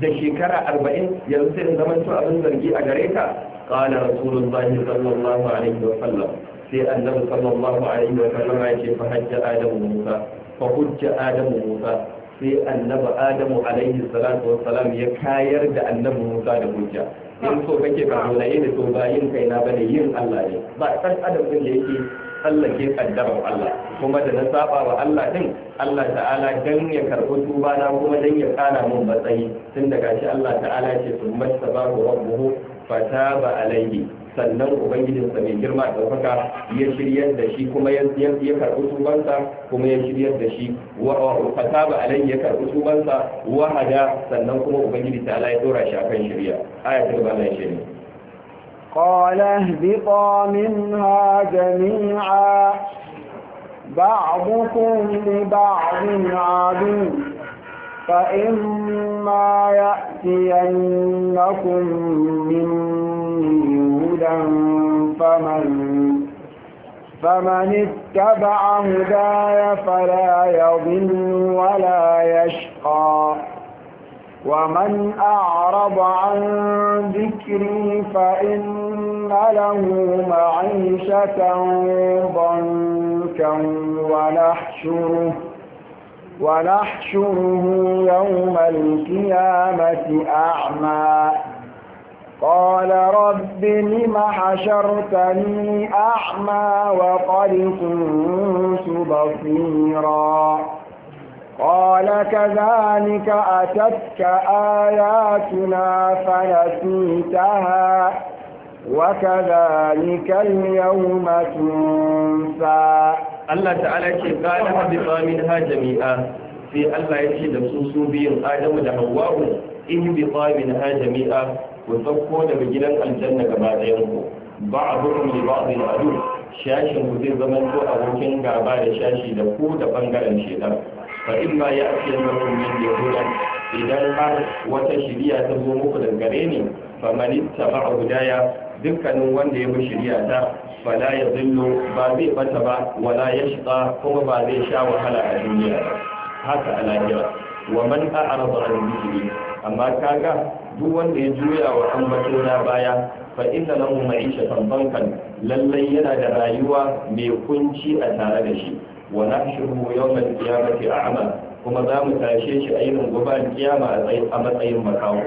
da shekara 40 yanzu sai zaman to abin zargi a gare ka qala rasulullahi sallallahu alaihi wa sallam sai annabi sallallahu alaihi wa sallam fa hajja adamu musa fa hujja adamu musa sai annabi adamu alaihi salatu salam ya kayar da annabi musa da hujja in so kake ka zo ne so ba yin kai na bane yin Allah ne ba san adam din da yake ke kaddarar Allah kuma da na saba wa Allah din Allah ta'ala dan ya karɓi tuba na kuma dan ya kara mun matsayi tun daga shi Allah ta'ala ce summa sabahu rabbuhu fataba alaihi sannan Ubangijinsa mai girma da ɗaukaka ya shiryar da shi kuma ya karɓi tubansa kuma ya shiryar da shi wa fataba alayhi ya karɓi tubansa wa hada sannan kuma ubangiji ta ya dora shi akan shirya aya ta gaba nan shine
قال اهبطا منها جميعا بعضكم لبعض عدو فإما يأتينكم مني هدى فمن فمن اتبع هداي فلا يضل ولا يشقى ومن أعرض عن ذكري فإن له معيشة ضنكا ونحشره ونحشره يوم القيامة أعمى قال رب لم حشرتني أعمى وقد كنت بصيرا قال كذلك أتتك آياتنا فنسيتها وكذلك اليوم
تنسى الله تعالى قال حبقا منها جميعا في الله يتحدث سوسو بين آدم وحواء بقى منها جميعا ku sauko daga gidan aljanna gaba ɗayan ku ba a bukum ba ba'd al shashin ku zai zama ko abokin gaba da shashi da ku da bangaren shedan fa in ma ya ake lakum min yahudan idan har wata shiriya ta zo muku da gare ni fa ba a gudaya dukkanin wanda ya bi shirya ta fala ya zillu ba zai bata ba wala shiga kuma ba zai sha wahala a duniya haka a lahira wa man a'rada an dhikri amma kaga duk wanda ya juya wa ambatona baya fa inna lahu ma'ishatan bankan lallai yana da rayuwa mai kunci a tare da shi wa nahshuhu yawmal qiyamati a'ma kuma za mu tashe shi a yinin gobe kiyama a matsayin makawo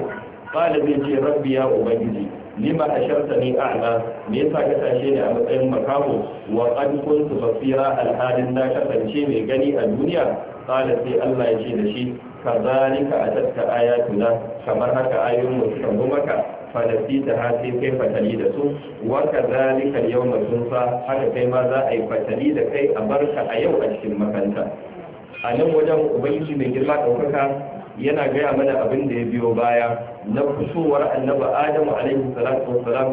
ɗalibin ce rabbi ya ubangiji lima sharta ni a'ma me yasa ka tashe ni a matsayin makaho wa qad kuntu basira alhalin na kasance mai gani a duniya qala sai Allah ya ce da shi kazalika atatka ayatuna kamar haka ayoyin mu kan zo maka falasi da hasi kai fatali da su wa kazalika yawma tunsa haka kai ma za a yi fatali da kai a barka a yau a cikin makanta a nan wajen ubangiji mai girma ɗaukaka yana gaya mana abin da ya biyo baya na kusowar annabi adamu alaihi salatu wassalam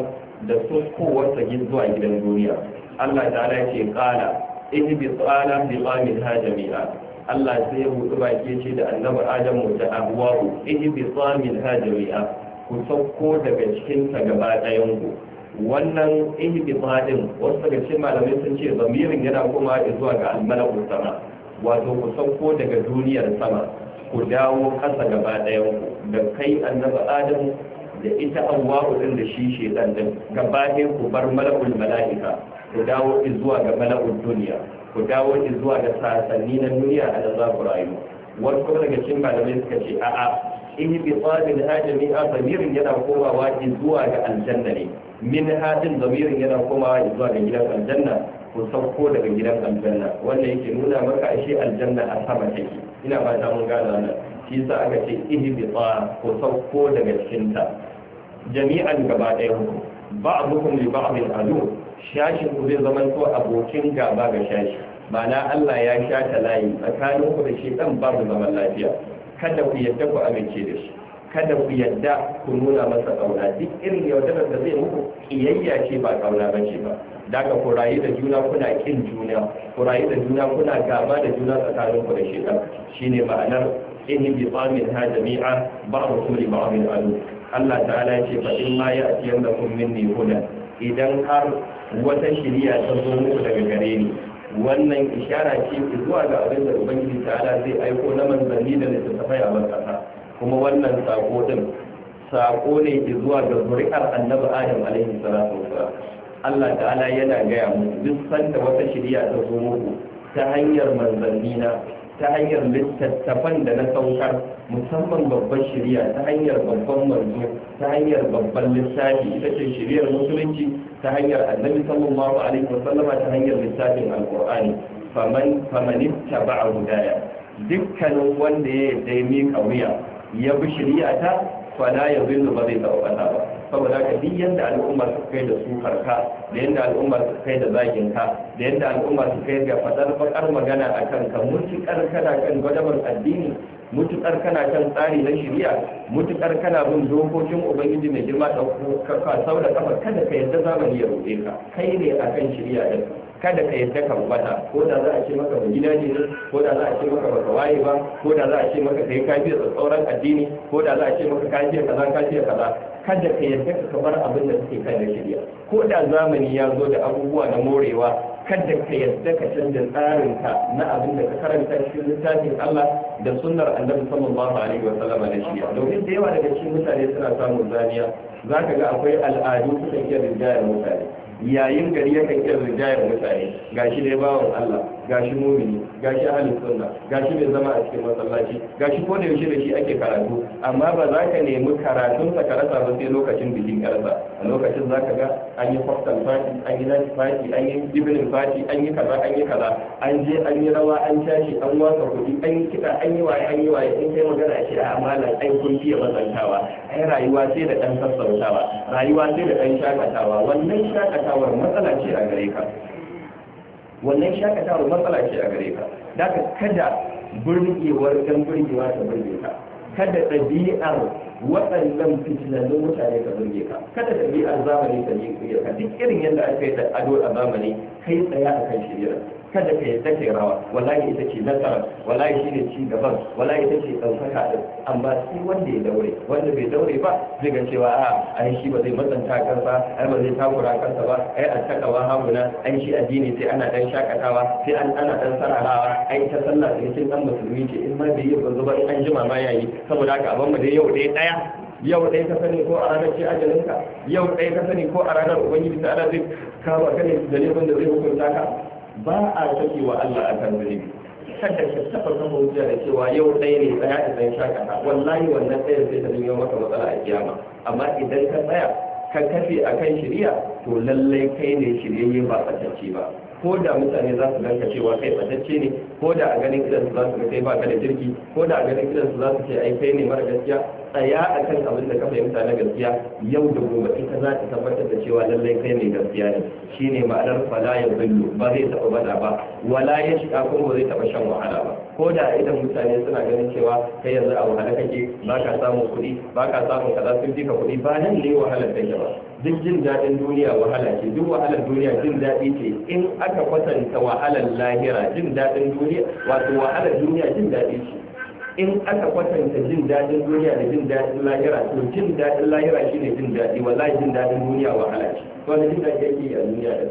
da sokowarsa zuwa gidan duniya allah ta'ala ya ce kala in bi tsala bi ha jami'a Allah sai ya buɗe baki ce da annabar Adamu da Ihi bi samin hajariya ku sauko daga cikin ta gaba ɗayan ku wannan bi sadin wasu daga cikin malamai sun ce zamirin yana kuma zuwa ga almalaku sama wato ku sauko daga duniyar sama ku dawo kasa gaba ɗayan ku da kai annabi Adamu da ita Hawwa'u din da shi shedan din gaba ɗayan ku bar malakul mala'ika ku dawo zuwa ga malakul duniya ku dawo ki zuwa ga sasanni na duniya a nan za ku rayu wasu kuma daga cikin malamai suka ce a'a in bi tsadin hajjami a zamirin yana komawa zuwa ga aljanna ne min hajjin zamirin yana komawa zuwa ga gidan aljanna ku sauko daga gidan aljanna wanda yake nuna maka ashe aljanna a sama take ina ba ta mun gane wannan shi yasa aka ce ihbita ku sauko daga cikin jami'an gaba ɗaya ku ba'dukum li ba'din adu shashi ku zai zama to abokin gaba ga shashi ma'ana Allah ya sha ta layi tsakanin ku da shi dan babu zaman lafiya kada ku yadda ku amince da shi kada ku yadda ku nuna masa kauna duk irin yaudarar da zai muku kiyayya ce ba kauna ba ce ba daga ku rayu da juna kuna kin juna ku rayu da juna kuna gaba da juna tsakanin ku da shi shine ma'anar inni bi tsamin ha jami'a ba rusuli ba min Allah ta'ala ya ce fa in ma ya'tiyannakum minni hudan idan har wata shirya ta zo muku daga gare ni wannan ishara ce zuwa ga abin da ubangiji ta'ala zai aiko na manzanni da littattafai a barkata kuma wannan sako din sako ne zuwa ga zuri'ar annabi adam alaihi salatu wasalam Allah ta'ala yana gaya musu duk sanda wata shirya ta zo muku ta hanyar manzanni na ta hanyar littattafan da na saukar musamman babban shirya ta hanyar babban manzo ta hanyar babban lissafi ita ce shiryar musulunci ta hanyar annabi sallallahu alaihi wasallam ta hanyar lissafin alqur'ani faman faman ittaba hudaya dukkanin wanda ya yi miƙa wuya ya bi shari'a ta fala ya zillu ba zai taɓa ba saboda ka duk yadda al'ummar su kai da sukarka da yadda al'ummar su kai da zagin ka da yadda al'ummar su kai da fadar bakar magana a kan ka, mutukar kana kan gwadabar addini mutukar kana kan tsari na shari'a mutukar kana bin dokokin ubangiji mai girma da ka saura kafa kada ka yadda zamani ya rufe ka kai ne akan shari'a da kada ka yadda ka bata ko da za a ce maka ba gida ne ko da za a ce maka ba waye ba ko da za a ce maka kai ka da tsauran addini ko da za a ce maka ka biya kaza ka kaza kada ka yadda ka bar abin da suke kan da shirya ko da zamani ya zo da abubuwa na morewa kada ka yadda ka canza tsarinka na abin da ka karanta cikin littafin Allah da sunnar annabi sallallahu alaihi wa sallama da shirya domin da yawa daga cikin mutane suna samun zaniya zaka ga akwai al'adu suka iya rinjayar mutane yayin gari yakan kira rijayar mutane shi ne bawan Allah gashi mumini gashi ahlus sunna gashi mai zama a cikin masallaci gashi ko da yaushe da shi ake karatu amma ba za ka nemi karatun sa ka rasa ba sai lokacin bikin karsa a lokacin za ka ga an yi kwaftan fati an yi nashi fati an yi ibinin fati an yi kaza an yi kaza an je an yi rawa an tashi an wasa kuɗi an yi kiɗa an yi waye an yi waye in kai magana a ce a malam ai kun fiye masantawa ai rayuwa sai da ɗan sassautawa rayuwa sai da ɗan shakatawa wannan shakatawar matsala ce a gare ka wannan shakatawar matsala ce a gare ka da kada burgewar dan burgewa ta burgewa kada ɗabi'ar waɗannan fitinannun mutane ka burge ka kada da a zamani ka yi kuyar ka duk irin yadda aka yi da ado a zamani kai tsaya a kan shirya kada ka yi take rawa wallahi ita ce nasara wallahi shi ne ci gaban wallahi ita ce ɗaukaka ɗin amma sai wanda ya daure wanda bai daure ba zai ga cewa a ah, ai shi ba zai matsanta ba, ai ba zai takura kansa ba ai a takawa hamuna ai shi addini sai ana dan shakatawa sai an ana dan sararawa ai ta sallah sai dan musulmi ce in ma bai yi ba in an jima ma yayi saboda haka abin mu dai yau dai daya yau ɗaya ka sani ko a ranar ce ajalinka yau ɗaya ka sani ko a ranar ubangiji ta ala zai kama ka ne da neman da zai hukunta ka ba a saki wa Allah a kan zai kada ka taɓa kafa hujja da cewa yau ɗaya ne tsaya da zai sha kasa wallahi wannan ɗayan zai ta nuna maka matsala a kiyama amma idan ka tsaya ka kafe akan shirya to lallai kai ne shiryayye ba a tsakacce ba ko da mutane za su ganka cewa kai fatacce ne ko da a ganin idan su za su kai ba ka da jirgi, ko da a ganin idan su za su ce ai kai ne mara gaskiya tsaya a kan abin da ka fahimta na gaskiya yau da gobe ita za ta tabbatar da cewa lallai kai ne gaskiya ne Shi ne ma'anar fala ya ba zai taɓa bada ba wala ya shiga kuma ba zai taɓa shan wahala ba ko da idan mutane suna ganin cewa kai yanzu a wahala kake ba ka samun kuɗi ba ka samun kaza sun fi ka kuɗi ba nan ne wahalar take ba duk jin daɗin duniya wahala ce duk wahalar duniya jin daɗi ce in aka kwatanta wahalar lahira jin daɗin duniya wato wahalar duniya jin daɗi ce in aka kwatanta jin daɗin duniya da jin daɗin lahira to jin daɗin lahira shi ne jin daɗi wallahi jin daɗin duniya wahala ce wanda jin daɗi yake a duniya da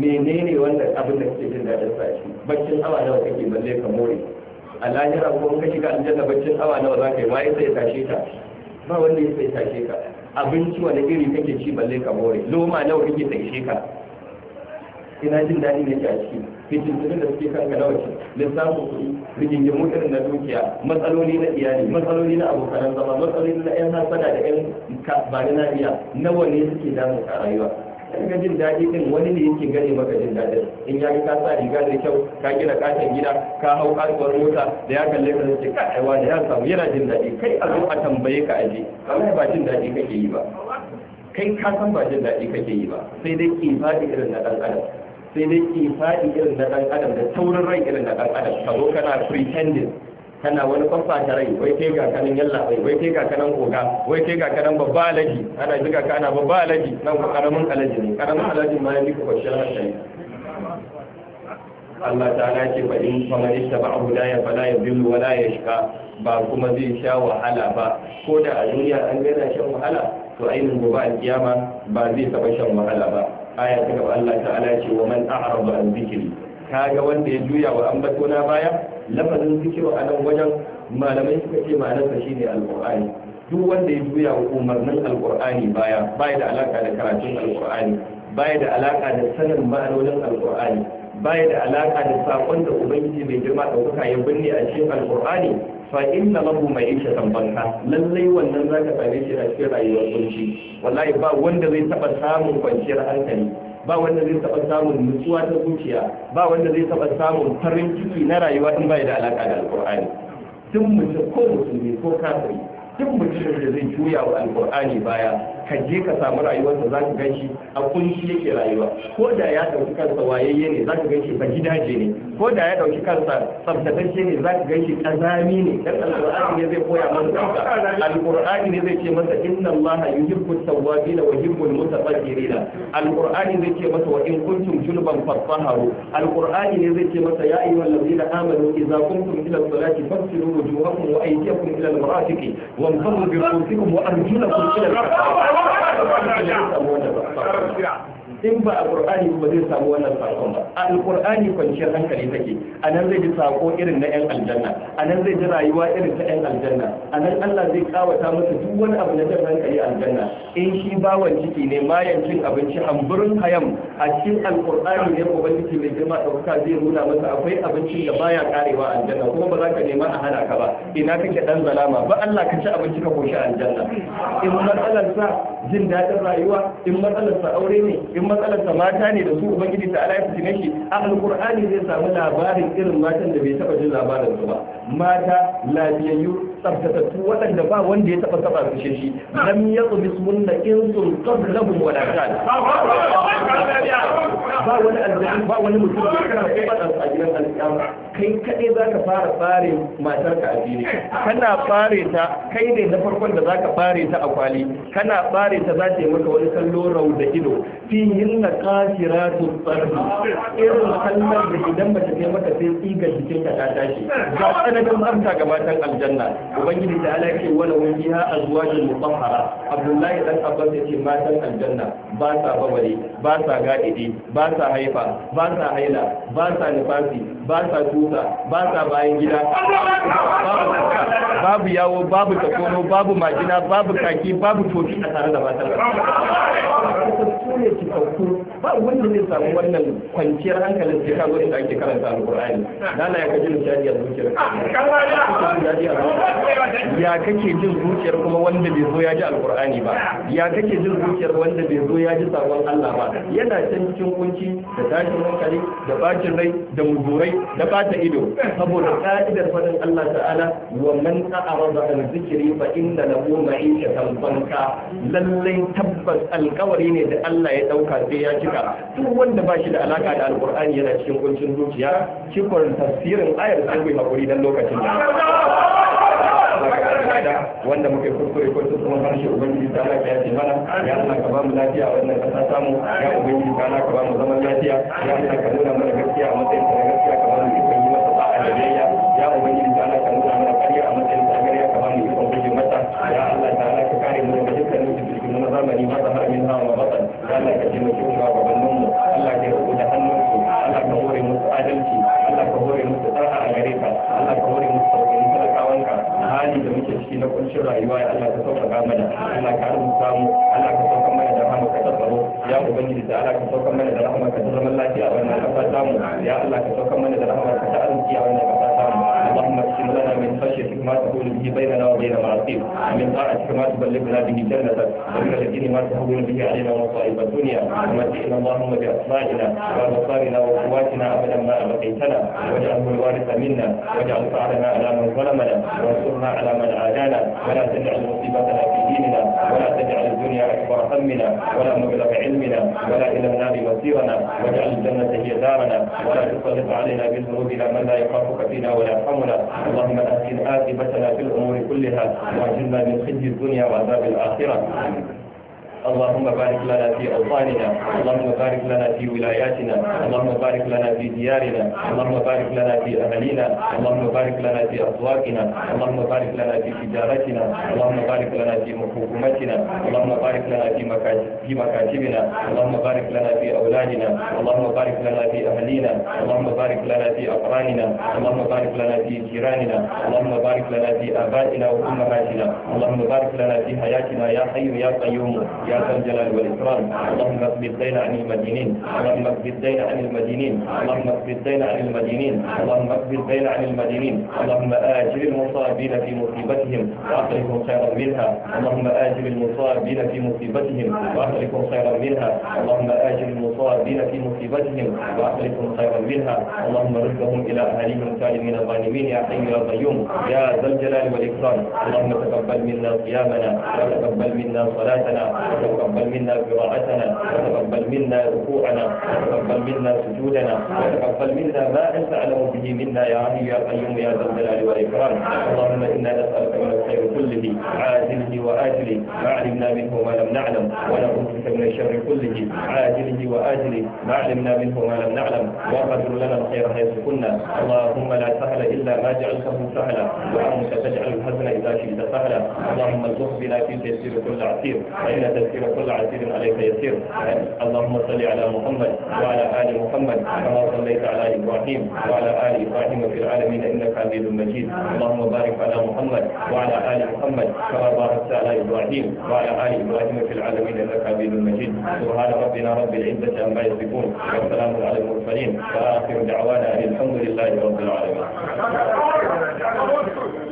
menene wannan abin da kake jin daɗin sa shi baccin awa nawa kake balle ka more a lahira ko in ka shiga aljanna baccin awa nawa za ka yi ma ya sai tashe ka ba wanda ya sai tashe ka abinci wani iri kake ci balle ka more loma nawa kake tsaishe ka ina jin daɗi ne ke a ciki fitintunin da suke kanka nawa ce lissafin kuɗi rigingimu irin na dukiya matsaloli na iyali matsaloli na abokan zama matsaloli na 'yan hasada da 'yan ba na iya nawa ne suke damun a rayuwa kan ga jin daɗi ɗin wani ne yake gane maka jin daɗin in ya ga ka sa riga da kyau ka gina katon gida ka hau kasuwar mota da ya kalle ka zai ka aiwa da ya samu yana jin daɗi kai a zo a tambaye ka aje wallahi ba jin daɗi kake yi ba kai ka san ba jin daɗi kake yi ba sai dai faɗi irin na ɗan adam sai dai faɗi irin na ɗan adam da taurin rai irin na ɗan adam ka zo kana pretending kana wani kwamfata rai wai kai ga kanan yalla bai wai kai ga kanan goga wai kai ga kanan babba alaji ana jiga ka ana babba alaji nan ko karamin alaji ne karamin alaji ma ya bi ko shi hankali Allah ta'ala ce fa in fa man ittaba hudaya fala yadhillu wala yashqa ba kuma zai sha wahala ba ko da a duniya an ga yana shan wahala to ainin gobe alkiyama ba zai taba shan wahala ba aya ta gaba Allah ta'ala ce wa man a'rada an zikri kaga wanda ya juya wa ambatona baya lafazin zikiru a nan wajen malamai suka ce ma'anarsa shine alqur'ani duk wanda ya juya umarnin alqur'ani baya baya da alaka da karatun alqur'ani baya da alaka da sanin ma'anonin alqur'ani baya da alaka da sakon da ubangiji mai girma ɗaukaka ya binne a cikin alqur'ani fa inna lahu ma'isha tambanka lallai wannan zaka same shi a cikin rayuwar kunci wallahi ba wanda zai taba samun kwanciyar hankali ba wanda zai taɓa samun nutsuwa ta zuciya ba wanda zai taɓa samun farin ciki na rayuwa in bai da alaƙa da alƙur'ani duk mutum ko musulmi ko kafiri duk mutum da zai juya wa alƙur'ani baya ka je ka samu rayuwarsa za ka gan shi a kunshi yake rayuwa ko da ya ɗauki kansa wayayye ne za ka gan shi ba gidaje ne ko da ya ɗauki kansa tsabtatacce ne za ka gan shi ƙazami ne dan alƙur'ani ne zai koya masa kanka alƙur'ani ne zai ce masa inna allaha yuhibbu tawwabina wa yuhibbu almutatahhirina ne zai ce masa wa in kuntum junuban fatahharu alƙur'ani ne zai ce masa ya ayyuhal ladina amanu idza kuntum ila salati fasilu wujuhakum wa aydiyakum ila al-marafiqi wamsahu bi ru'usikum wa arjulakum ila al-ka'bah Allah in ba a ba zai samu wannan sakon ba alkur'ani kwanciyar hankali take a nan zai ji sako irin na 'yan aljanna a nan zai ji rayuwa irin ta 'yan aljanna a nan allah zai kawata masa duk wani abu na jan hankali aljanna in shi bawan ciki ne mayan cin abinci hamburin hayam a cikin alkurani ne ko ciki mai girma ɗauka zai nuna masa akwai abincin da baya karewa aljanna kuma ba za ka nema a hana ka ba ina kake dan zalama ba allah ka ci abinci ka koshi aljanna in matsalar sa jin daɗin rayuwa in matsalar sa aure ne in matsalar sa mata ne da su ubangiji ta ala ya fitina shi alqur'ani zai samu labarin irin matan da bai taba jin labarin su ba mata lafiyayyu tsaftatattu waɗanda ba wanda ya taba taba su shi lam yaqbi sunna insun qablahum wala kan ba wani aljanna ba wani mutum da ya taba a gidan alƙiyama kai kaɗai za ka fara fare matarka a fili kana fare ta kai ne na farkon da za ka fare ta a kwali kana fare ta za ta yi maka wani kallo rau da ido fihin na kafira su tsarni irin kallon da idan mace ta maka sai tsiga jikin ka ta tashi ga tsananin marta ga matan aljanna ubangiji ta ala ce wala wani ha azwajin mutahhara abdullahi dan abbas ya ce matan aljanna ba sa babare ba sa gadidi ba sa haifa ba sa haila ba sa nifasi ba sa tuwo rahusa ba sa bayan gida babu yawo babu takono babu majina babu kaki babu toki a tare da matan ba wanda zai samu wannan kwanciyar hankalin ke ka zo inda ake karanta alkur'ani dana ya kaji nishadi a zuciyar ya kake jin zuciyar kuma wanda bai zo ya ji alkur'ani ba ya kake jin zuciyar wanda bai zo ya ji sabon Allah ba yana can cikin kunci da tashin hankali da bacin rai da muzurai da bacin masa ido saboda ka'idar fadin Allah ta'ala wa man ta'arada an zikri fa inna lahu ma'ishatan banka lallai tabbas alƙawari ne da Allah ya dauka sai ya cika duk wanda ba shi da alaka da Alƙur'ani yana cikin kuncin zuciya cikon tafsirin ayar sai ku hakuri dan lokacin da wanda muke kuskure ko su kuma harshe ubangiji ta lafiya ya ce mana ya Allah ka ba mu lafiya wannan kasa samu ya ubangiji ta ka ba mu zaman lafiya ya Allah ka nuna mana gaskiya a matsayin ta gaskiya ka ba mu ikon tarayya ya ubangiji ta Allah ka nuna mana ƙarya a matsayin tsagar ya kama mu ikon guje mata ya Allah ta Allah ka kare mu daga dukkan mutum na zamani mata har min hawa mata ya Allah ka taimake mu ga gabanin mu Allah ka rubu da hannun su Allah ka hore musu adalci Allah ka hore musu tsara a gare ka Allah ka hore musu sauƙin talakawanka hali da muke ciki na kuncin rayuwa ya Allah ka sauƙaƙa mana Allah ka arzuta mu Allah ka sauƙa mana da rahama ka tsaro ya ubangiji ta Allah ka sauƙa mana da rahama ka zaman lafiya wannan ƙasa tamu ya Allah ka sauƙa mana da rahama biyu min ba a تبلغنا به جنتك ومن الدين ما تهون به علينا ومصائب الدنيا ومتعنا اللهم بأسمائنا وأبصارنا وقواتنا أبدا ما أبقيتنا واجعله الوارث منا واجعل ثأرنا على من ظلمنا وانصرنا على من عادانا ولا تجعل مصيبتنا في ديننا ولا تجعل الدنيا أكبر همنا ولا مبلغ علمنا ولا إلى النار مصيرنا واجعل الجنة هي دارنا ولا تسلط علينا بذنوبنا من لا يخافك فينا ولا يرحمنا اللهم أهدنا عاقبتنا في الأمور كلها واجعلنا من خزي الدنيا الدنيا وعذاب الآخرة اللهم بارك لنا في أوطاننا اللهم بارك لنا في ولاياتنا اللهم بارك لنا في ديارنا اللهم بارك لنا في أهلنا اللهم بارك لنا في أسواقنا اللهم بارك لنا في تجارتنا اللهم بارك لنا في حكومتنا اللهم بارك لنا في مكاتبنا اللهم بارك لنا في أولادنا اللهم بارك لنا في أهلنا اللهم بارك لنا في أقراننا اللهم بارك لنا في جيراننا اللهم بارك لنا في آبائنا وأمهاتنا اللهم بارك لنا في حياتنا يا حي يا قيوم يا يا ذا الجلال والإكرام اللهم اكف الدين عن المدينين اللهم اكف الدين عن المدينين اللهم اكف الدين عن المدينين اللهم اكف الدين عن المدينين اللهم آجل المصابين في مصيبتهم وأخرجهم خيرا منها اللهم آجل المصابين في مصيبتهم وأخرجهم خيرا منها اللهم آجل المصابين في مصيبتهم وأخرجهم خيرا منها اللهم ردهم إلى أهلهم كالمين الظالمين يا حي يا قيوم يا ذا الجلال والإكرام اللهم تقبل منا صيامنا وتقبل منا صلاتنا وتقبل منا قراءتنا وتقبل منا ركوعنا وتقبل منا سجودنا وتقبل منا ما أنت أعلم به منا يا علي يا قيوم يا ذا الجلال والإكرام اللهم إنا نسألك من الخير كله عاجله وآجله ما علمنا منه ما لم نعلم ونعوذ بك من الشر كله عاجله وآجله ما علمنا منه ما لم نعلم وقدر لنا الخير حيث كنا اللهم لا سهل إلا ما جعلته سهلا وعنك تجعل الحزن إذا شئت سهلا اللهم ارزق بنا في تيسير كل عسير فإن يسير كل عزيز عليك يسير اللهم صل على محمد وعلى آل محمد كما صليت على إبراهيم وعلى آل إبراهيم في العالمين إنك حميد مجيد اللهم بارك على محمد وعلى آل محمد كما باركت على إبراهيم وعلى آل إبراهيم في العالمين إنك حميد مجيد سبحان ربنا رب العزة عما يصفون والسلام على المرسلين وآخر دعوانا أن الحمد لله رب
العالمين